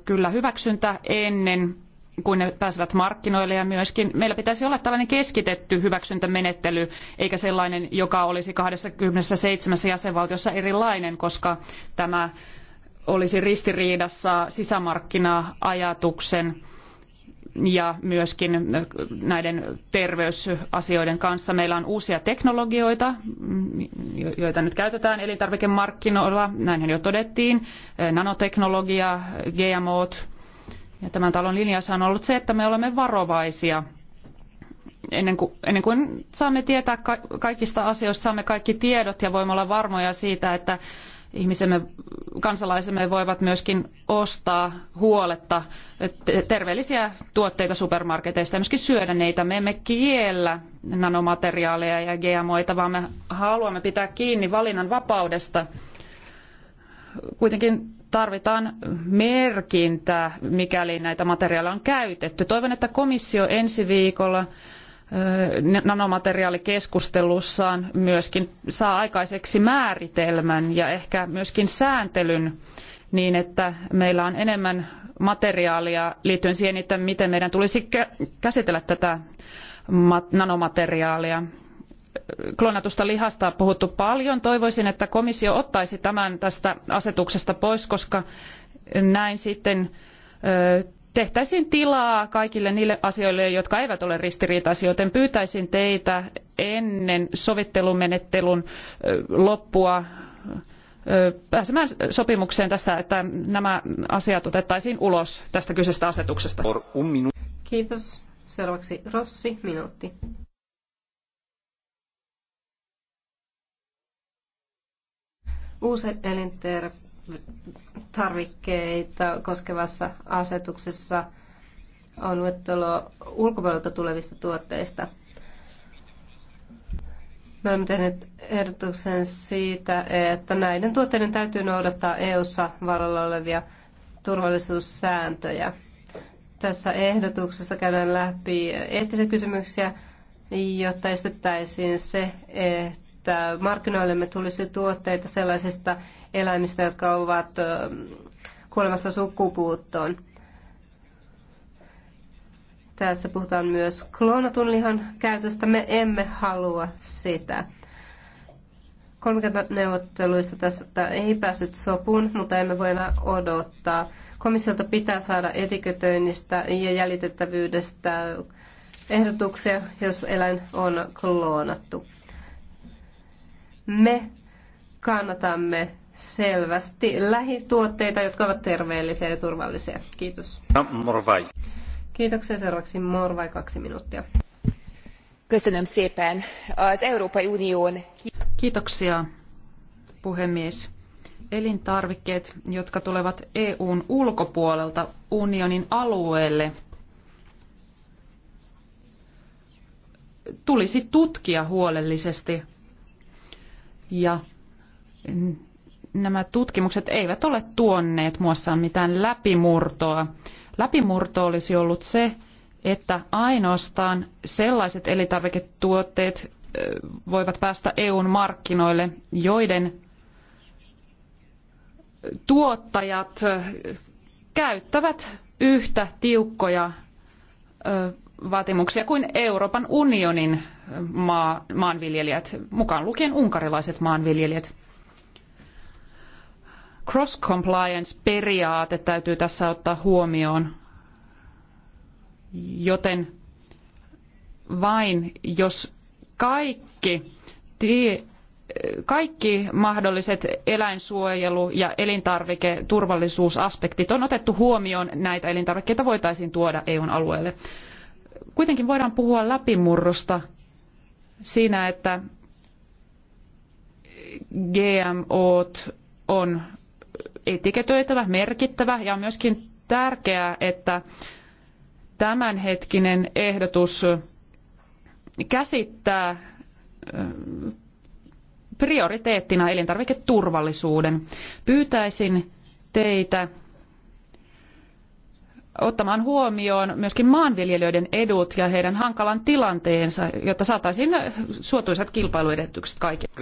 kyllä hyväksyntä ennen kuin ne pääsevät markkinoille ja myöskin meillä pitäisi olla tällainen keskitetty hyväksyntämenettely, eikä sellainen, joka olisi 27 jäsenvaltiossa erilainen, koska tämä olisi ristiriidassa sisämarkkina-ajatuksen ja myöskin näiden terveysasioiden kanssa. Meillä on uusia teknologioita, joita nyt käytetään elintarvikemarkkinoilla, näinhän jo todettiin, nanoteknologia, GMO. -t. Ja tämän talon linjassa on ollut se, että me olemme varovaisia ennen kuin, ennen kuin saamme tietää kaikista asioista, saamme kaikki tiedot ja voimme olla varmoja siitä, että ihmisemme, kansalaisemme voivat myöskin ostaa huoletta terveellisiä tuotteita supermarketeista ja myöskin syödä niitä. Me emme kiellä nanomateriaaleja ja GMOita, vaan me haluamme pitää kiinni valinnan vapaudesta. Kuitenkin tarvitaan merkintä, mikäli näitä materiaaleja on käytetty. Toivon, että komissio ensi viikolla nanomateriaalikeskustelussaan myöskin saa aikaiseksi määritelmän ja ehkä myöskin sääntelyn niin, että meillä on enemmän materiaalia liittyen siihen, että miten meidän tulisi käsitellä tätä nanomateriaalia. Klonatusta lihasta on puhuttu paljon. Toivoisin, että komissio ottaisi tämän tästä asetuksesta pois, koska näin sitten tehtäisiin tilaa kaikille niille asioille, jotka eivät ole ristiriitaisia, joten pyytäisin teitä ennen sovittelumenettelyn loppua pääsemään sopimukseen tästä, että nämä asiat otettaisiin ulos tästä kyseisestä asetuksesta. Kiitos. Seuraavaksi Rossi, minuutti. Uusi elinter- tarvikkeita koskevassa asetuksessa on luettelo ulkopuolelta tulevista tuotteista. Me olemme tehneet ehdotuksen siitä, että näiden tuotteiden täytyy noudattaa EU-ssa vallalla olevia turvallisuussääntöjä. Tässä ehdotuksessa käydään läpi eettisiä kysymyksiä, jotta estettäisiin se, että markkinoillemme tulisi tuotteita sellaisista eläimistä, jotka ovat kuolemassa sukupuuttoon. Tässä puhutaan myös kloonatun lihan käytöstä. Me emme halua sitä. Kolmikantaneuvotteluissa tässä ei päässyt sopuun, mutta emme voi enää odottaa. Komissiolta pitää saada etiketöinnistä ja jäljitettävyydestä ehdotuksia, jos eläin on kloonattu. Me kannatamme selvästi lähituotteita, jotka ovat terveellisiä ja turvallisia. Kiitos. No, morvai. Kiitoksia seuraavaksi Morvai kaksi minuuttia. Köszönöm szépen. Az Európai Unión... Kiitoksia, puhemies. Elintarvikkeet, jotka tulevat EUn ulkopuolelta unionin alueelle, tulisi tutkia huolellisesti ja nämä tutkimukset eivät ole tuonneet muassaan mitään läpimurtoa. Läpimurto olisi ollut se, että ainoastaan sellaiset elintarviketuotteet voivat päästä EUn markkinoille, joiden tuottajat käyttävät yhtä tiukkoja vaatimuksia kuin Euroopan unionin maanviljelijät, mukaan lukien unkarilaiset maanviljelijät cross-compliance-periaate täytyy tässä ottaa huomioon, joten vain jos kaikki, kaikki mahdolliset eläinsuojelu- ja elintarviketurvallisuusaspektit on otettu huomioon, näitä elintarvikkeita voitaisiin tuoda EUn alueelle. Kuitenkin voidaan puhua läpimurrosta siinä, että GMOt on etiketöitävä, merkittävä ja on myöskin tärkeää, että tämänhetkinen ehdotus käsittää prioriteettina elintarviketurvallisuuden. Pyytäisin teitä ottamaan huomioon myöskin maanviljelijöiden edut ja heidän hankalan tilanteensa, jotta saataisiin suotuisat kilpailuedellytykset kaikille.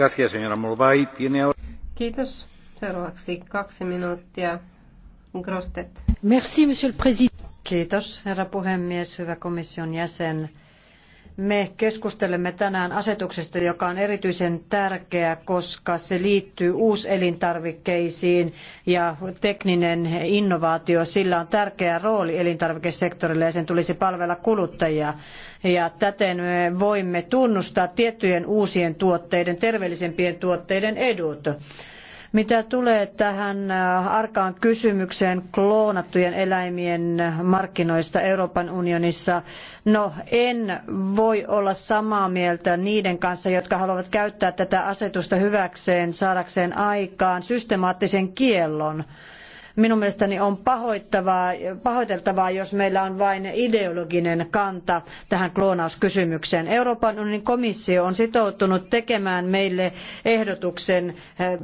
Kiitos. Seuraavaksi kaksi minuuttia. Grostet. Merci, monsieur le président. Kiitos, herra puhemies, hyvä komission jäsen. Me keskustelemme tänään asetuksesta, joka on erityisen tärkeä, koska se liittyy uuselintarvikkeisiin ja tekninen innovaatio. Sillä on tärkeä rooli elintarvikesektorilla ja sen tulisi palvella kuluttajia. Ja täten me voimme tunnustaa tiettyjen uusien tuotteiden, terveellisempien tuotteiden edut. Mitä tulee tähän äh, arkaan kysymykseen kloonattujen eläimien markkinoista Euroopan unionissa, no en voi olla samaa mieltä niiden kanssa, jotka haluavat käyttää tätä asetusta hyväkseen saadakseen aikaan systemaattisen kiellon Minun mielestäni on pahoittavaa, pahoiteltavaa, jos meillä on vain ideologinen kanta tähän kloonauskysymykseen. Euroopan unionin komissio on sitoutunut tekemään meille ehdotuksen eh,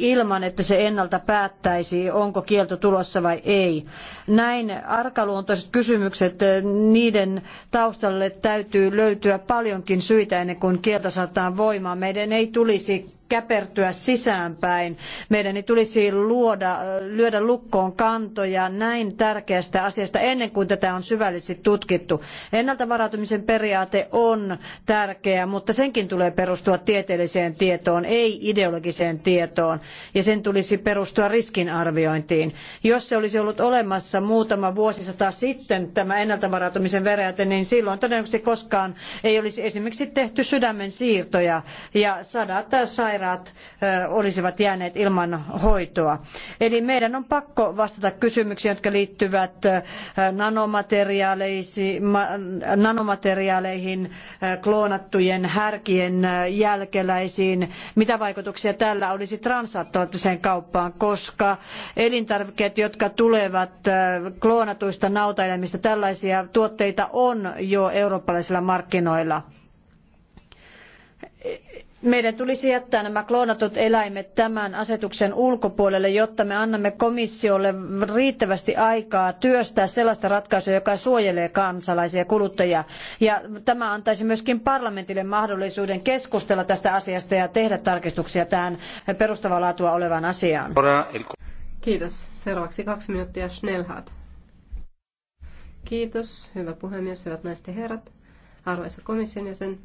ilman, että se ennalta päättäisi, onko kielto tulossa vai ei. Näin arkaluontoiset kysymykset, eh, niiden taustalle täytyy löytyä paljonkin syitä ennen kuin kielto saattaa voimaan. Meidän ei tulisi käpertyä sisäänpäin. Meidän ei tulisi luoda, lyödä lukkoon kantoja näin tärkeästä asiasta ennen kuin tätä on syvällisesti tutkittu. Ennalta varautumisen periaate on tärkeä, mutta senkin tulee perustua tieteelliseen tietoon, ei ideologiseen tietoon. Ja sen tulisi perustua riskinarviointiin. Jos se olisi ollut olemassa muutama vuosisata sitten tämä ennalta varautumisen periaate, niin silloin todennäköisesti koskaan ei olisi esimerkiksi tehty sydämen siirtoja ja sadat sairaat sairaat olisivat jääneet ilman hoitoa. Eli meidän on pakko vastata kysymyksiin, jotka liittyvät nanomateriaaleihin, kloonattujen härkien jälkeläisiin, mitä vaikutuksia tällä olisi transatlanttiseen kauppaan, koska elintarvikkeet, jotka tulevat kloonatuista nautaeläimistä, tällaisia tuotteita on jo eurooppalaisilla markkinoilla meidän tulisi jättää nämä kloonatut eläimet tämän asetuksen ulkopuolelle, jotta me annamme komissiolle riittävästi aikaa työstää sellaista ratkaisua, joka suojelee kansalaisia ja kuluttajia. Ja tämä antaisi myöskin parlamentille mahdollisuuden keskustella tästä asiasta ja tehdä tarkistuksia tähän perustavaa laatua olevaan asiaan. Kiitos. Seuraavaksi kaksi minuuttia Schnellhardt. Kiitos, hyvä puhemies, hyvät naiset ja herrat, arvoisa komission jäsen,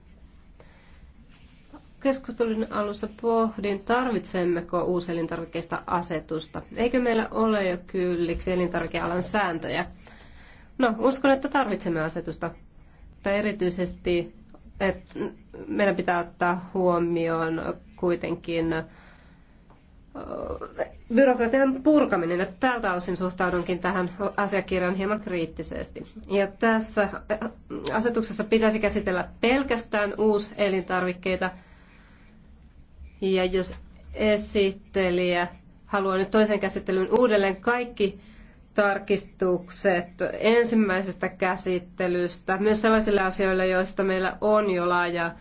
keskustelun alussa pohdin, tarvitsemmeko elintarvikeista asetusta. Eikö meillä ole jo kylliksi elintarvikealan sääntöjä? No, uskon, että tarvitsemme asetusta. Mutta erityisesti että meidän pitää ottaa huomioon kuitenkin byrokratian purkaminen. tältä osin suhtaudunkin tähän asiakirjaan hieman kriittisesti. Ja tässä asetuksessa pitäisi käsitellä pelkästään uuselintarvikkeita elintarvikkeita ja jos esittelijä haluaa nyt toisen käsittelyn uudelleen kaikki tarkistukset ensimmäisestä käsittelystä, myös sellaisille asioille, joista meillä on jo laaja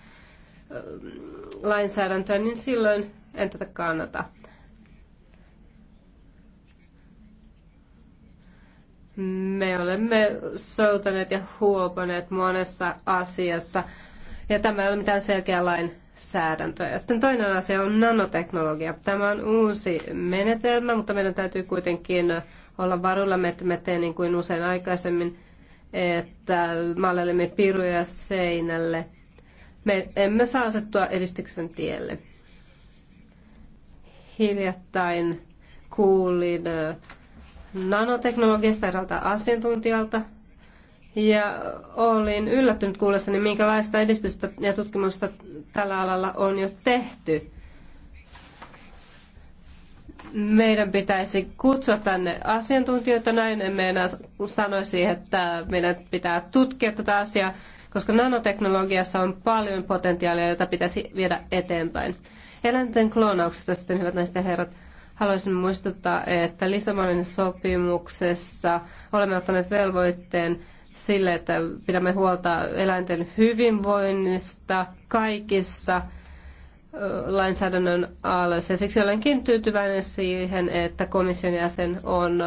lainsäädäntöä, niin silloin en tätä kannata. Me olemme soutaneet ja huopaneet monessa asiassa, ja tämä ei ole mitään selkeä lain säädäntöä. Ja sitten toinen asia on nanoteknologia. Tämä on uusi menetelmä, mutta meidän täytyy kuitenkin olla varulla, että me teemme niin kuin usein aikaisemmin, että maalelemme piruja seinälle. Me emme saa asettua edistyksen tielle. Hiljattain kuulin äh, nanoteknologiasta eräältä asiantuntijalta, ja olin yllättynyt kuullessani, minkälaista edistystä ja tutkimusta tällä alalla on jo tehty. Meidän pitäisi kutsua tänne asiantuntijoita, näin emme enää sanoisi, että meidän pitää tutkia tätä asiaa, koska nanoteknologiassa on paljon potentiaalia, jota pitäisi viedä eteenpäin. Eläinten kloonauksesta sitten, hyvät naiset ja herrat, haluaisin muistuttaa, että Lissabonin sopimuksessa olemme ottaneet velvoitteen sille, että pidämme huolta eläinten hyvinvoinnista kaikissa lainsäädännön aloissa. Ja siksi olenkin tyytyväinen siihen, että komission jäsen on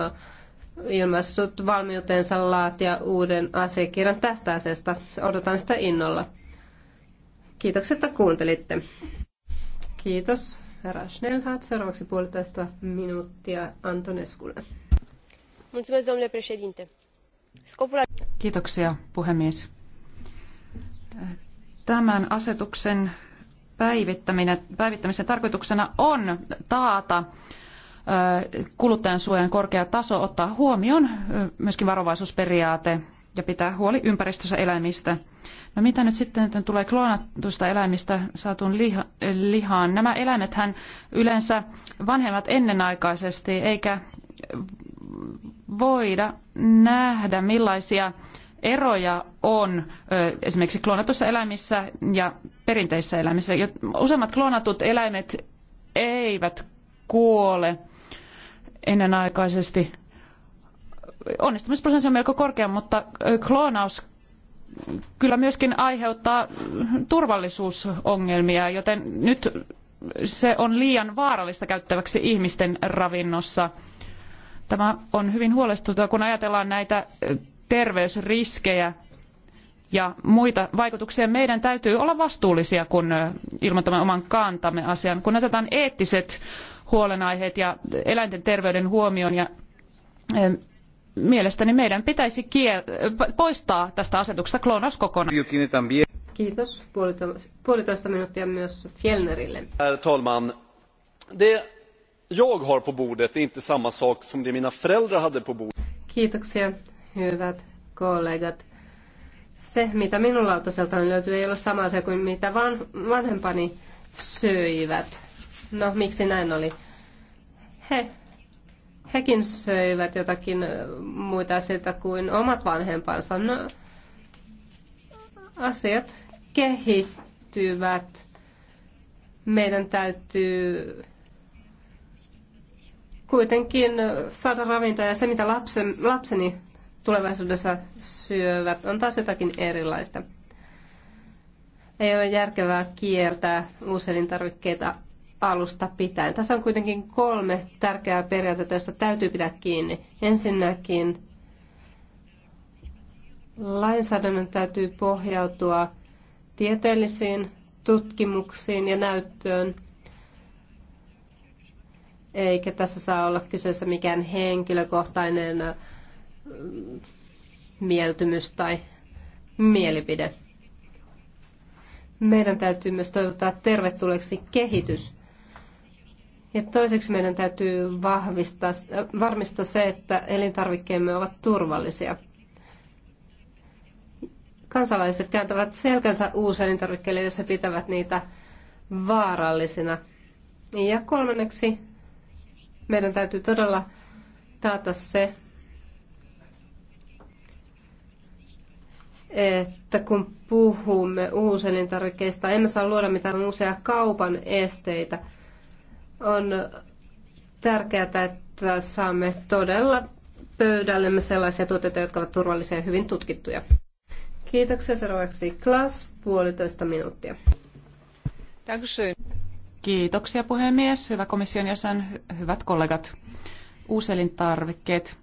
ilmaissut valmiutensa laatia uuden asiakirjan tästä asiasta. Odotan sitä innolla. Kiitokset, että kuuntelitte. Kiitos. Herra Schnellhardt, seuraavaksi puolitoista minuuttia Antoneskulle. Mulțumesc, domnule președinte. Kiitoksia puhemies. Tämän asetuksen päivittäminen, päivittämisen tarkoituksena on taata kuluttajansuojan korkea taso, ottaa huomioon myöskin varovaisuusperiaate ja pitää huoli ympäristössä eläimistä. No mitä nyt sitten tulee kloonatusta eläimistä saatuun liha, lihaan? Nämä eläimethän yleensä vanhemmat ennenaikaisesti, eikä voida nähdä, millaisia eroja on esimerkiksi kloonatuissa eläimissä ja perinteisissä eläimissä. Useimmat kloonatut eläimet eivät kuole ennenaikaisesti. Onnistumisprosentti on melko korkea, mutta kloonaus kyllä myöskin aiheuttaa turvallisuusongelmia, joten nyt se on liian vaarallista käyttäväksi ihmisten ravinnossa. Tämä on hyvin huolestuttavaa, kun ajatellaan näitä terveysriskejä ja muita vaikutuksia. Meidän täytyy olla vastuullisia, kun ilmoitamme oman kantamme asiaan. Kun otetaan eettiset huolenaiheet ja eläinten terveyden huomioon ja mielestäni meidän pitäisi poistaa tästä asetuksesta kloonaus kokonaan. Kiitos. Puolitoista minuuttia myös Fjellnerille. Herr talman. Det jag har på bordet är inte samma sak som det mina föräldrar hade på bordet. Kiitoksia, hyvät kollegat. Se, mitä minun lautaseltani löytyy, ei ole sama asia kuin mitä van, vanhempani söivät. No, miksi näin oli? He, hekin söivät jotakin muita asioita kuin omat vanhempansa. No, asiat kehittyvät. Meidän täytyy kuitenkin saada ravintoa ja se, mitä lapsen, lapseni tulevaisuudessa syövät, on taas jotakin erilaista. Ei ole järkevää kiertää uuselintarvikkeita alusta pitäen. Tässä on kuitenkin kolme tärkeää periaatetta, joista täytyy pitää kiinni. Ensinnäkin lainsäädännön täytyy pohjautua tieteellisiin tutkimuksiin ja näyttöön eikä tässä saa olla kyseessä mikään henkilökohtainen mieltymys tai mielipide. Meidän täytyy myös toivottaa tervetulleeksi kehitys. Ja toiseksi meidän täytyy vahvistaa, varmistaa se, että elintarvikkeemme ovat turvallisia. Kansalaiset kääntävät selkänsä elintarvikkeille, jos he pitävät niitä vaarallisina. Ja kolmanneksi meidän täytyy todella taata se, että kun puhumme uuselintarvikkeista, emme saa luoda mitään uusia kaupan esteitä. On tärkeää, että saamme todella pöydällemme sellaisia tuotteita, jotka ovat turvallisia ja hyvin tutkittuja. Kiitoksia seuraavaksi Klas, puolitoista minuuttia. Kiitoksia puhemies, hyvä komission jäsen, hyvät kollegat. Uuselintarvikkeet.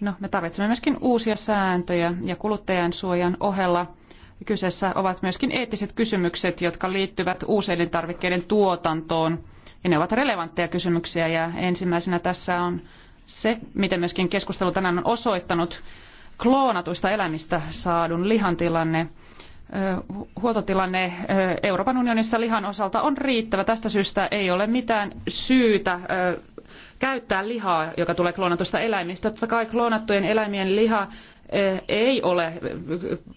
No, me tarvitsemme myöskin uusia sääntöjä ja kuluttajan suojan ohella kyseessä ovat myöskin eettiset kysymykset, jotka liittyvät uuselintarvikkeiden tuotantoon. Ja ne ovat relevantteja kysymyksiä ja ensimmäisenä tässä on se, miten myöskin keskustelu tänään on osoittanut, kloonatuista eläimistä saadun lihan tilanne huoltotilanne Euroopan unionissa lihan osalta on riittävä. Tästä syystä ei ole mitään syytä käyttää lihaa, joka tulee kloonatusta eläimistä. Totta kai kloonattujen eläimien liha ei ole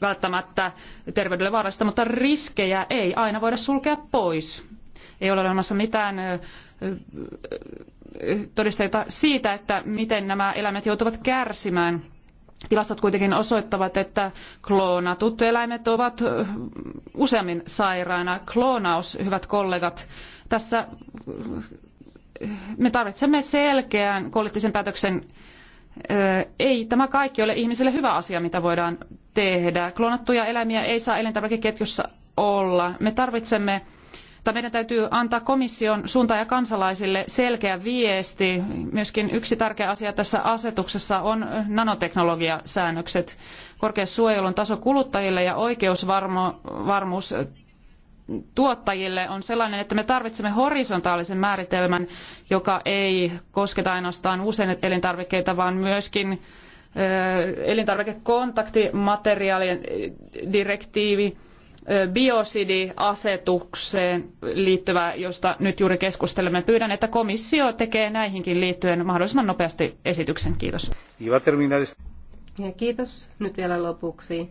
välttämättä terveydelle vaarallista, mutta riskejä ei aina voida sulkea pois. Ei ole olemassa mitään todisteita siitä, että miten nämä eläimet joutuvat kärsimään – Tilastot kuitenkin osoittavat, että kloonatut eläimet ovat useammin sairaina. Kloonaus, hyvät kollegat, tässä me tarvitsemme selkeän poliittisen päätöksen. Ei tämä kaikki ole ihmisille hyvä asia, mitä voidaan tehdä. Kloonattuja eläimiä ei saa elintarvikeketjussa olla. Me tarvitsemme tai meidän täytyy antaa komission suuntaan ja kansalaisille selkeä viesti. Myöskin yksi tärkeä asia tässä asetuksessa on nanoteknologiasäännökset. Korkea suojelun taso kuluttajille ja oikeusvarmuus tuottajille on sellainen, että me tarvitsemme horisontaalisen määritelmän, joka ei kosketa ainoastaan usein elintarvikkeita, vaan myöskin elintarvikekontaktimateriaalien direktiivi – biosidiasetukseen liittyvää, josta nyt juuri keskustelemme. Pyydän, että komissio tekee näihinkin liittyen mahdollisimman nopeasti esityksen. Kiitos. Ja kiitos. Nyt vielä lopuksi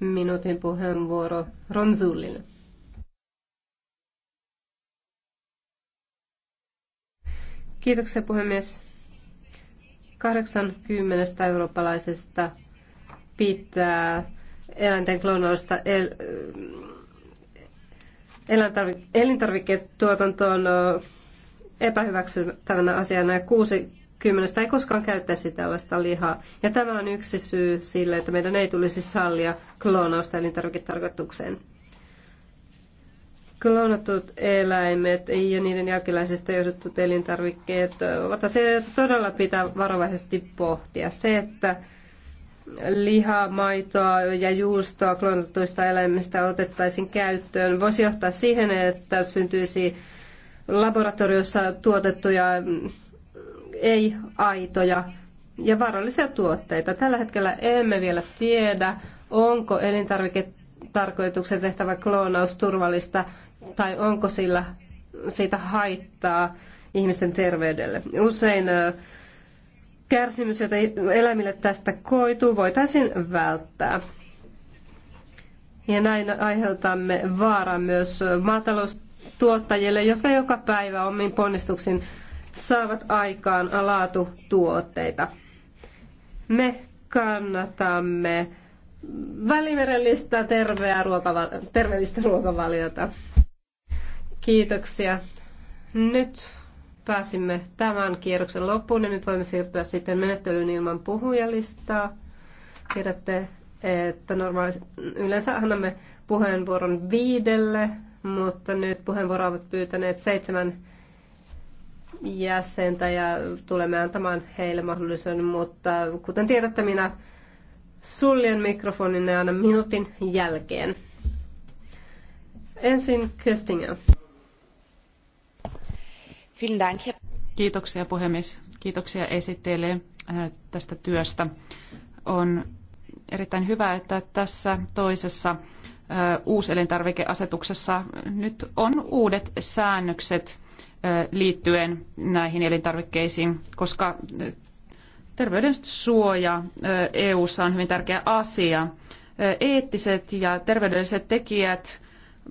minuutin puheenvuoro Ronsullille. Kiitoksia puhemies. 80 eurooppalaisesta pitää eläinten kloonausta el, elintarviketuotantoon epähyväksyttävänä asiana ja 60 ei koskaan käyttäisi tällaista lihaa. Ja tämä on yksi syy sille, että meidän ei tulisi sallia kloonausta elintarviketarkoitukseen. Kloonatut eläimet ja niiden jälkeläisistä johdettut elintarvikkeet ovat asioita, joita todella pitää varovaisesti pohtia. Se, että lihaa, maitoa ja juustoa klonatuista eläimistä otettaisiin käyttöön, voisi johtaa siihen, että syntyisi laboratoriossa tuotettuja ei-aitoja ja vaarallisia tuotteita. Tällä hetkellä emme vielä tiedä, onko elintarviketarkoituksen tehtävä kloonaus turvallista tai onko sillä siitä haittaa ihmisten terveydelle. Usein kärsimys, jota eläimille tästä koituu, voitaisiin välttää. Ja näin aiheutamme vaaraa myös maataloustuottajille, jotka joka päivä omin ponnistuksin saavat aikaan laatutuotteita. Me kannatamme välimerellistä terveä ruokava- terveellistä ruokavaliota. Kiitoksia. Nyt pääsimme tämän kierroksen loppuun ja nyt voimme siirtyä sitten menettelyyn ilman puhujalistaa. Tiedätte, että normaalisti yleensä annamme puheenvuoron viidelle, mutta nyt puheenvuoroa ovat pyytäneet seitsemän jäsentä ja tulemme antamaan heille mahdollisuuden, mutta kuten tiedätte, minä suljen mikrofonin aina minuutin jälkeen. Ensin Köstinger. Kiitoksia puhemies. Kiitoksia esittelee äh, tästä työstä. On erittäin hyvä, että tässä toisessa äh, uuselintarvikeasetuksessa nyt on uudet säännökset äh, liittyen näihin elintarvikkeisiin, koska terveyden suoja EU:ssa on hyvin tärkeä asia. Eettiset ja terveydelliset tekijät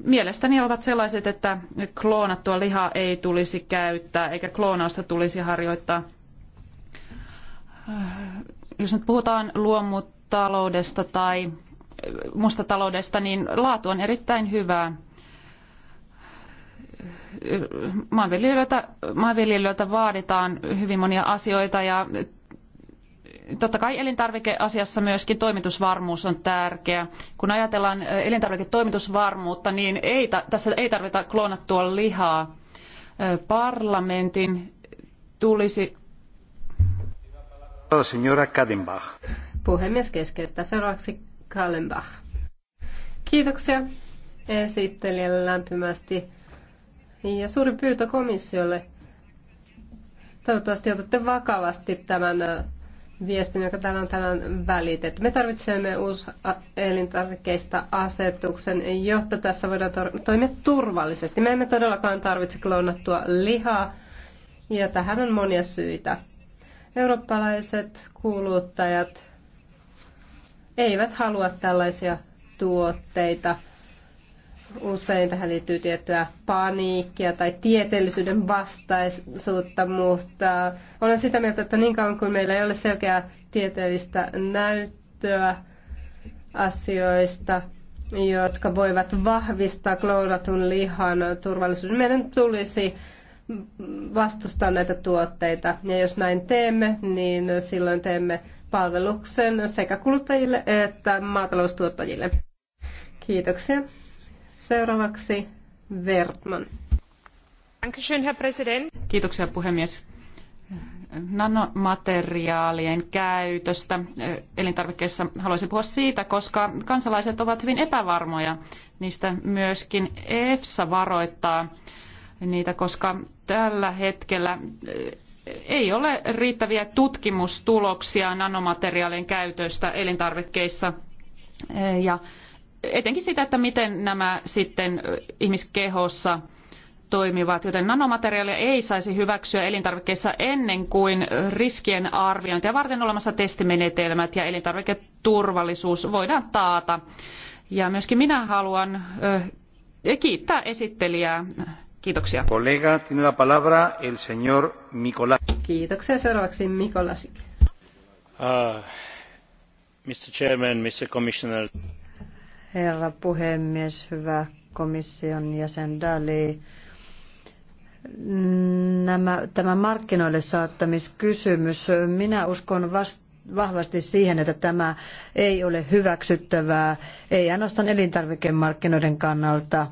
mielestäni ovat sellaiset, että kloonattua lihaa ei tulisi käyttää eikä kloonausta tulisi harjoittaa. Jos nyt puhutaan luomutaloudesta tai mustataloudesta, niin laatu on erittäin hyvää. Maanviljelijöiltä, maanviljelijöiltä vaaditaan hyvin monia asioita ja totta kai elintarvikeasiassa myöskin toimitusvarmuus on tärkeä. Kun ajatellaan elintarviketoimitusvarmuutta, niin ei, tässä ei tarvita kloonattua lihaa. Parlamentin tulisi... Puhemies keskeyttää seuraavaksi Kallenbach. Kiitoksia esittelijälle lämpimästi ja suuri pyytö komissiolle. Toivottavasti otatte vakavasti tämän viestin, joka täällä on tänään välitetty. Me tarvitsemme uusi elintarvikkeista asetuksen, jotta tässä voidaan toimia turvallisesti. Me emme todellakaan tarvitse kloonattua lihaa, ja tähän on monia syitä. Eurooppalaiset kuluttajat eivät halua tällaisia tuotteita – usein tähän liittyy tiettyä paniikkia tai tieteellisyyden vastaisuutta, mutta olen sitä mieltä, että niin kauan kuin meillä ei ole selkeää tieteellistä näyttöä asioista, jotka voivat vahvistaa kloonatun lihan turvallisuuden, meidän tulisi vastustaa näitä tuotteita. Ja jos näin teemme, niin silloin teemme palveluksen sekä kuluttajille että maataloustuottajille. Kiitoksia. Seuraavaksi Vertman. Kiitoksia puhemies. Nanomateriaalien käytöstä eh, elintarvikkeissa haluaisin puhua siitä, koska kansalaiset ovat hyvin epävarmoja. Niistä myöskin EFSA varoittaa niitä, koska tällä hetkellä eh, ei ole riittäviä tutkimustuloksia nanomateriaalien käytöstä elintarvikkeissa. Eh, ja etenkin sitä, että miten nämä sitten ihmiskehossa toimivat, joten nanomateriaalia ei saisi hyväksyä elintarvikkeissa ennen kuin riskien arviointia varten olemassa testimenetelmät ja elintarviketurvallisuus voidaan taata. Ja myöskin minä haluan kiittää esittelijää. Kiitoksia. Kollega, tiene la palabra el señor Mikolas. Kiitoksia. Seuraavaksi Mikolasik. Uh, ah, Mr. Chairman, Mr. Commissioner herra puhemies, hyvä komission jäsen Dali. Nämä, tämä markkinoille saattamiskysymys, minä uskon vasta vahvasti siihen, että tämä ei ole hyväksyttävää, ei ainoastaan elintarvikemarkkinoiden kannalta,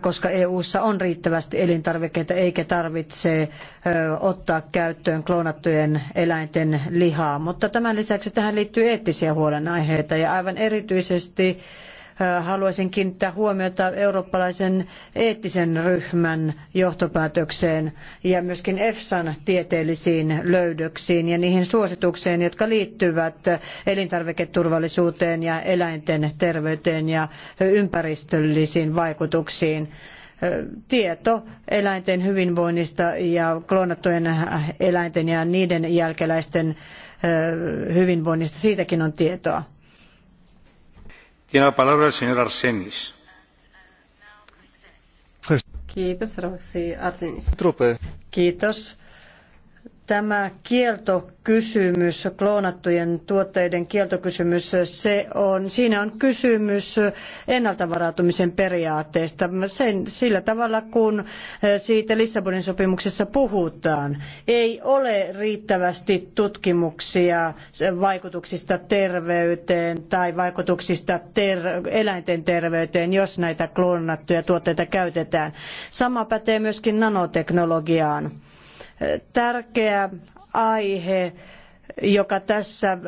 koska EU:ssa on riittävästi elintarvikkeita eikä tarvitse ottaa käyttöön kloonattujen eläinten lihaa. Mutta tämän lisäksi tähän liittyy eettisiä huolenaiheita ja aivan erityisesti haluaisin kiinnittää huomiota eurooppalaisen eettisen ryhmän johtopäätökseen ja myöskin EFSAn tieteellisiin löydöksiin ja niihin suosituksiin, jotka liittyvät elintarviketurvallisuuteen ja eläinten terveyteen ja ympäristöllisiin vaikutuksiin tieto eläinten hyvinvoinnista ja kloonattujen eläinten ja niiden jälkeläisten hyvinvoinnista, siitäkin on tietoa. Kiitos, Roksi Arsenis. Kiitos. Tämä kieltokysymys, kloonattujen tuotteiden kieltokysymys, se on, siinä on kysymys ennaltavarautumisen periaatteesta. Sen, sillä tavalla, kun eh, siitä Lissabonin sopimuksessa puhutaan, ei ole riittävästi tutkimuksia vaikutuksista terveyteen tai vaikutuksista ter eläinten terveyteen, jos näitä kloonattuja tuotteita käytetään. Sama pätee myöskin nanoteknologiaan tärkeä aihe joka tässä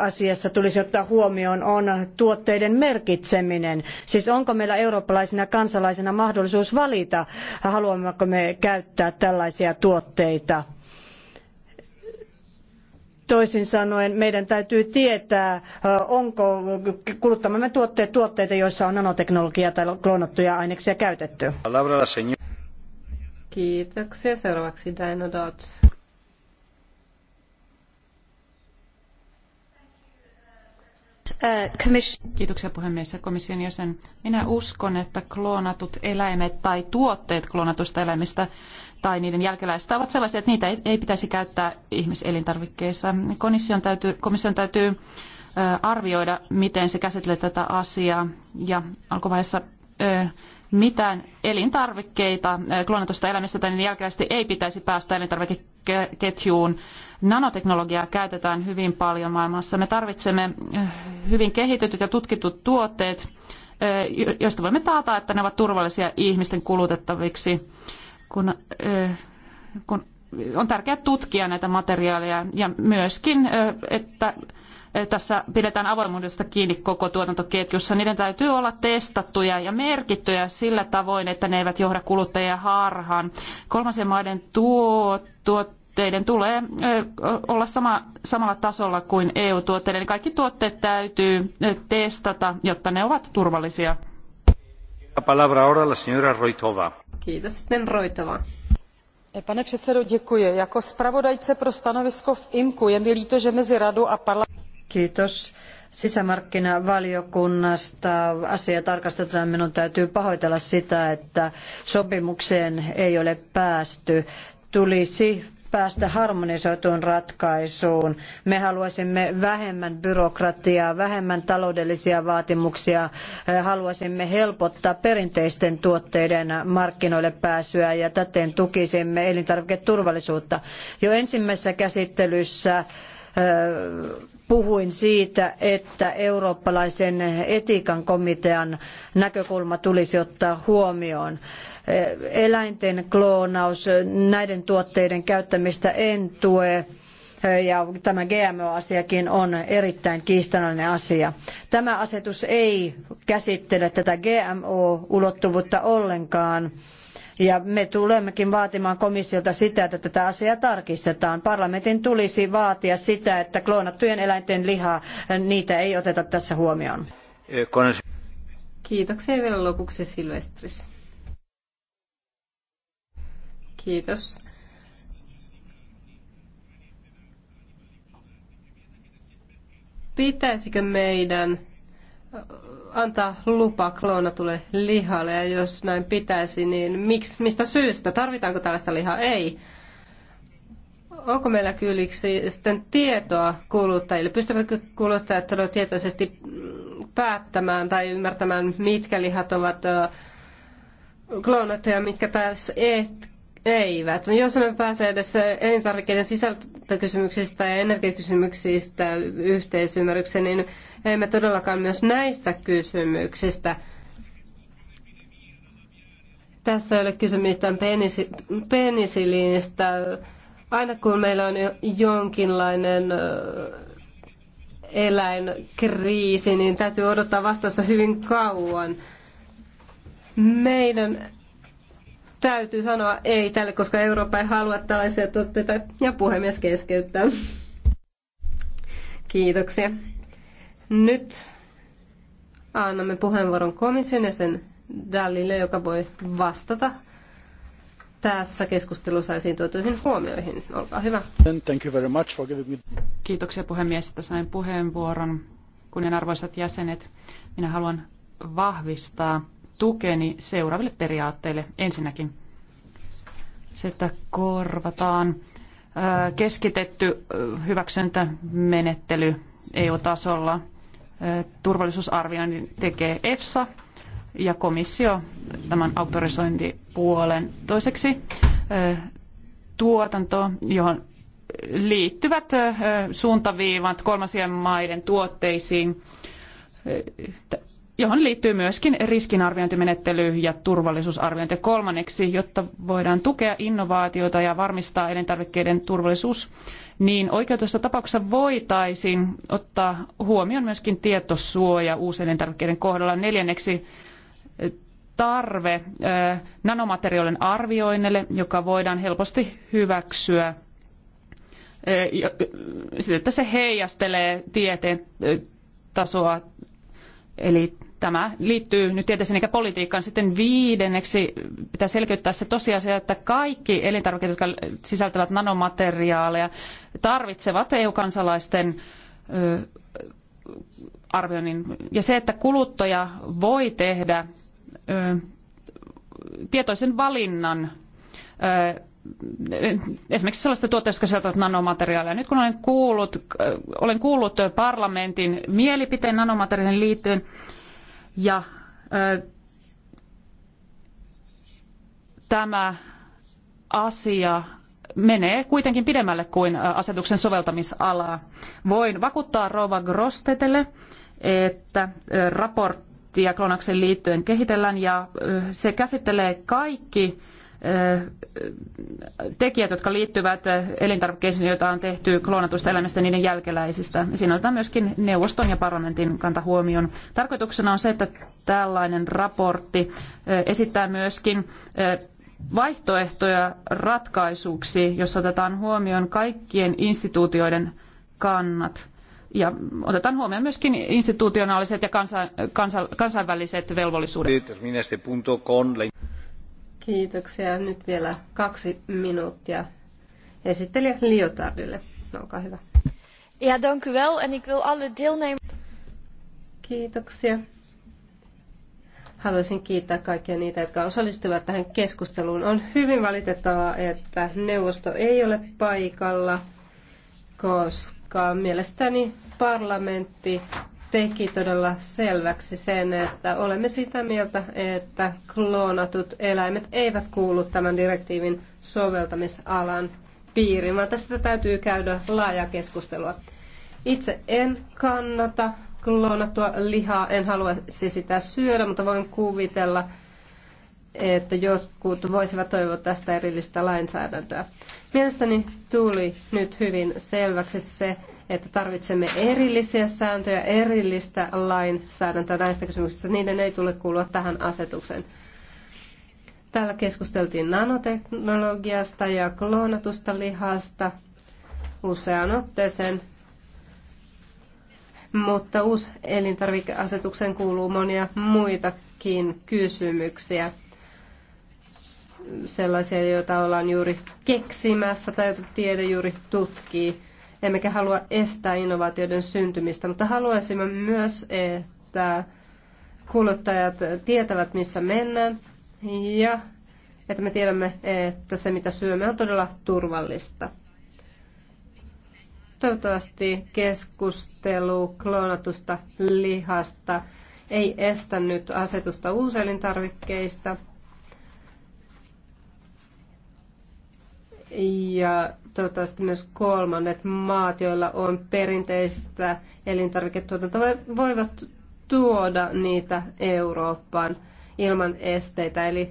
asiassa tulisi ottaa huomioon, on tuotteiden merkitseminen. Siis onko meillä eurooppalaisina kansalaisina mahdollisuus valita, haluammeko me käyttää tällaisia tuotteita? Toisin sanoen meidän täytyy tietää, onko kuluttamamme tuotteet tuotteita, joissa on nanoteknologiaa tai kloonattuja aineksia käytetty. Kiitoksia. Seuraavaksi Dino Dodds. Uh, Kiitoksia puhemies ja komission jäsen. Minä uskon, että kloonatut eläimet tai tuotteet kloonatusta eläimistä tai niiden jälkeläistä ovat sellaisia, että niitä ei, pitäisi käyttää ihmiselintarvikkeissa. Komission täytyy, komission täytyy arvioida, miten se käsittelee tätä asiaa ja alkuvaiheessa mitään elintarvikkeita äh, kloonatusta eläimistä tai niiden ei pitäisi päästä elintarvikeketjuun. Nanoteknologiaa käytetään hyvin paljon maailmassa. Me tarvitsemme äh, hyvin kehitetyt ja tutkitut tuotteet, äh, joista voimme taata, että ne ovat turvallisia ihmisten kulutettaviksi. Kun, kun on tärkeää tutkia näitä materiaaleja ja myöskin, että tässä pidetään avoimuudesta kiinni koko tuotantoketjussa. Niiden täytyy olla testattuja ja merkittyjä sillä tavoin, että ne eivät johda kuluttajia harhaan. Kolmansien maiden tuo, tuotteiden tulee olla sama, samalla tasolla kuin EU-tuotteiden. Kaikki tuotteet täytyy testata, jotta ne ovat turvallisia. Palabra ahora la señora Roitova. Kiitos sitten Roitova pane předsedající jako zpravodajce pro stanovisko v imku je mi líto že mezi radu a parlamentem. Kiitos sisämarkkinavaliokunnasta. Asia tarkastetaan. Minun täytyy pahoitella sitä, että sopimukseen ei ole päästy. Tulisi päästä harmonisoituun ratkaisuun. Me haluaisimme vähemmän byrokratiaa, vähemmän taloudellisia vaatimuksia, haluaisimme helpottaa perinteisten tuotteiden markkinoille pääsyä ja täten tukisimme elintarviketurvallisuutta. Jo ensimmäisessä käsittelyssä puhuin siitä, että eurooppalaisen etiikan komitean näkökulma tulisi ottaa huomioon. Eläinten kloonaus, näiden tuotteiden käyttämistä en tue ja tämä GMO-asiakin on erittäin kiistanalainen asia. Tämä asetus ei käsittele tätä GMO-ulottuvuutta ollenkaan ja me tulemmekin vaatimaan komissiolta sitä, että tätä asiaa tarkistetaan. Parlamentin tulisi vaatia sitä, että kloonattujen eläinten lihaa, niitä ei oteta tässä huomioon. Kiitoksia vielä lopuksi Silvestris. Kiitos. Pitäisikö meidän antaa lupa kloonatulle lihalle, ja jos näin pitäisi, niin miksi, mistä syystä? Tarvitaanko tällaista lihaa? Ei. Onko meillä kylliksi sitten tietoa kuluttajille? Pystyvätkö kuluttajat todella tietoisesti päättämään tai ymmärtämään, mitkä lihat ovat kloonattuja ja mitkä taas et, eivät. No, jos emme pääse edes elintarvikkeiden sisältökysymyksistä ja energiakysymyksistä yhteisymmärrykseen, niin emme todellakaan myös näistä kysymyksistä. Tässä ei ole kyse mistään penisi, penisiliinistä. Aina kun meillä on jonkinlainen eläinkriisi, niin täytyy odottaa vastausta hyvin kauan. Meidän täytyy sanoa ei tälle, koska Eurooppa ei halua tällaisia tuotteita ja puhemies keskeyttää. Kiitoksia. Nyt annamme puheenvuoron komission ja sen Dallille, joka voi vastata tässä keskustelussa esiin tuotuihin huomioihin. Olkaa hyvä. Thank you very much for giving me... Kiitoksia puhemies, että sain puheenvuoron. Kunnianarvoisat jäsenet, minä haluan vahvistaa tukeni seuraaville periaatteille. Ensinnäkin se, että korvataan keskitetty hyväksyntämenettely EU-tasolla. Turvallisuusarvioinnin tekee EFSA ja komissio tämän auktorisointipuolen. Toiseksi tuotanto, johon liittyvät suuntaviivat kolmasien maiden tuotteisiin johon liittyy myöskin riskinarviointimenettely ja turvallisuusarviointi. Kolmanneksi, jotta voidaan tukea innovaatiota ja varmistaa elintarvikkeiden turvallisuus, niin oikeutusta tapauksessa voitaisiin ottaa huomioon myöskin tietosuoja uusien elintarvikkeiden kohdalla. Neljänneksi, eh, tarve eh, nanomateriaalien arvioinnille, joka voidaan helposti hyväksyä eh, siten, että se heijastelee tieteen tasoa, eli Tämä liittyy nyt tietysti eikä politiikkaan. Sitten viidenneksi pitää selkeyttää se tosiasia, että kaikki elintarvikkeet, jotka sisältävät nanomateriaaleja, tarvitsevat EU-kansalaisten arvioinnin. Ja se, että kuluttaja voi tehdä tietoisen valinnan esimerkiksi sellaista tuotteista, jotka sisältävät nanomateriaaleja. Nyt kun olen kuullut, olen kuullut parlamentin mielipiteen nanomateriaalien liittyen, ja ö, tämä asia menee kuitenkin pidemmälle kuin asetuksen soveltamisalaa. Voin vakuuttaa Rova Grostetelle, että raporttia klonakseen liittyen kehitellään ja se käsittelee kaikki tekijät, jotka liittyvät elintarvikkeisiin, joita on tehty kloonatuista eläimistä ja niiden jälkeläisistä. Siinä otetaan myöskin neuvoston ja parlamentin kanta huomioon. Tarkoituksena on se, että tällainen raportti esittää myöskin vaihtoehtoja ratkaisuksi, jossa otetaan huomioon kaikkien instituutioiden kannat. Ja otetaan huomioon myöskin institutionaaliset ja kansa, kansa, kansainväliset velvollisuudet. Kiitoksia. Nyt vielä kaksi minuuttia esittelijä Liotardille. Olkaa hyvä. Ja dank u wel en ik wil alle deelnemers. Kiitoksia. Haluaisin kiittää kaikkia niitä, jotka osallistuvat tähän keskusteluun. On hyvin valitettavaa, että neuvosto ei ole paikalla, koska mielestäni parlamentti teki todella selväksi sen, että olemme sitä mieltä, että kloonatut eläimet eivät kuulu tämän direktiivin soveltamisalan piiriin, vaan tästä täytyy käydä laaja keskustelua. Itse en kannata kloonattua lihaa, en haluaisi sitä syödä, mutta voin kuvitella, että jotkut voisivat toivoa tästä erillistä lainsäädäntöä. Mielestäni tuli nyt hyvin selväksi se, että tarvitsemme erillisiä sääntöjä, erillistä lainsäädäntöä näistä kysymyksistä. Niiden ei tule kuulua tähän asetukseen. Täällä keskusteltiin nanoteknologiasta ja kloonatusta lihasta useaan otteeseen, mutta uusi elintarvikeasetukseen kuuluu monia muitakin kysymyksiä sellaisia, joita ollaan juuri keksimässä tai joita tiede juuri tutkii emmekä halua estää innovaatioiden syntymistä, mutta haluaisimme myös, että kuluttajat tietävät, missä mennään ja että me tiedämme, että se mitä syömme on todella turvallista. Toivottavasti keskustelu kloonatusta lihasta ei estä nyt asetusta uuselintarvikkeista – ja toivottavasti myös kolmannet maat, joilla on perinteistä elintarviketuotantoa, voivat tuoda niitä Eurooppaan ilman esteitä. Eli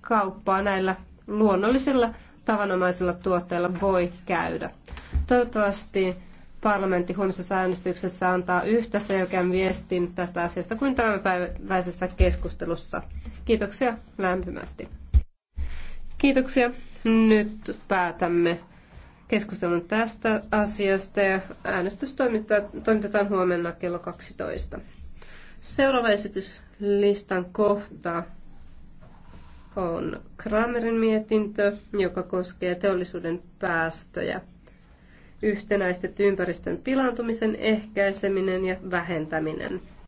kauppaa näillä luonnollisilla tavanomaisilla tuotteilla voi käydä. Toivottavasti parlamentti huomisessa äänestyksessä antaa yhtä selkeän viestin tästä asiasta kuin tämänpäiväisessä keskustelussa. Kiitoksia lämpimästi. Kiitoksia. Nyt päätämme keskustelun tästä asiasta ja äänestys toimitetaan huomenna kello 12. Seuraava esityslistan kohta on Kramerin mietintö, joka koskee teollisuuden päästöjä. Yhtenäistetty ympäristön pilaantumisen ehkäiseminen ja vähentäminen.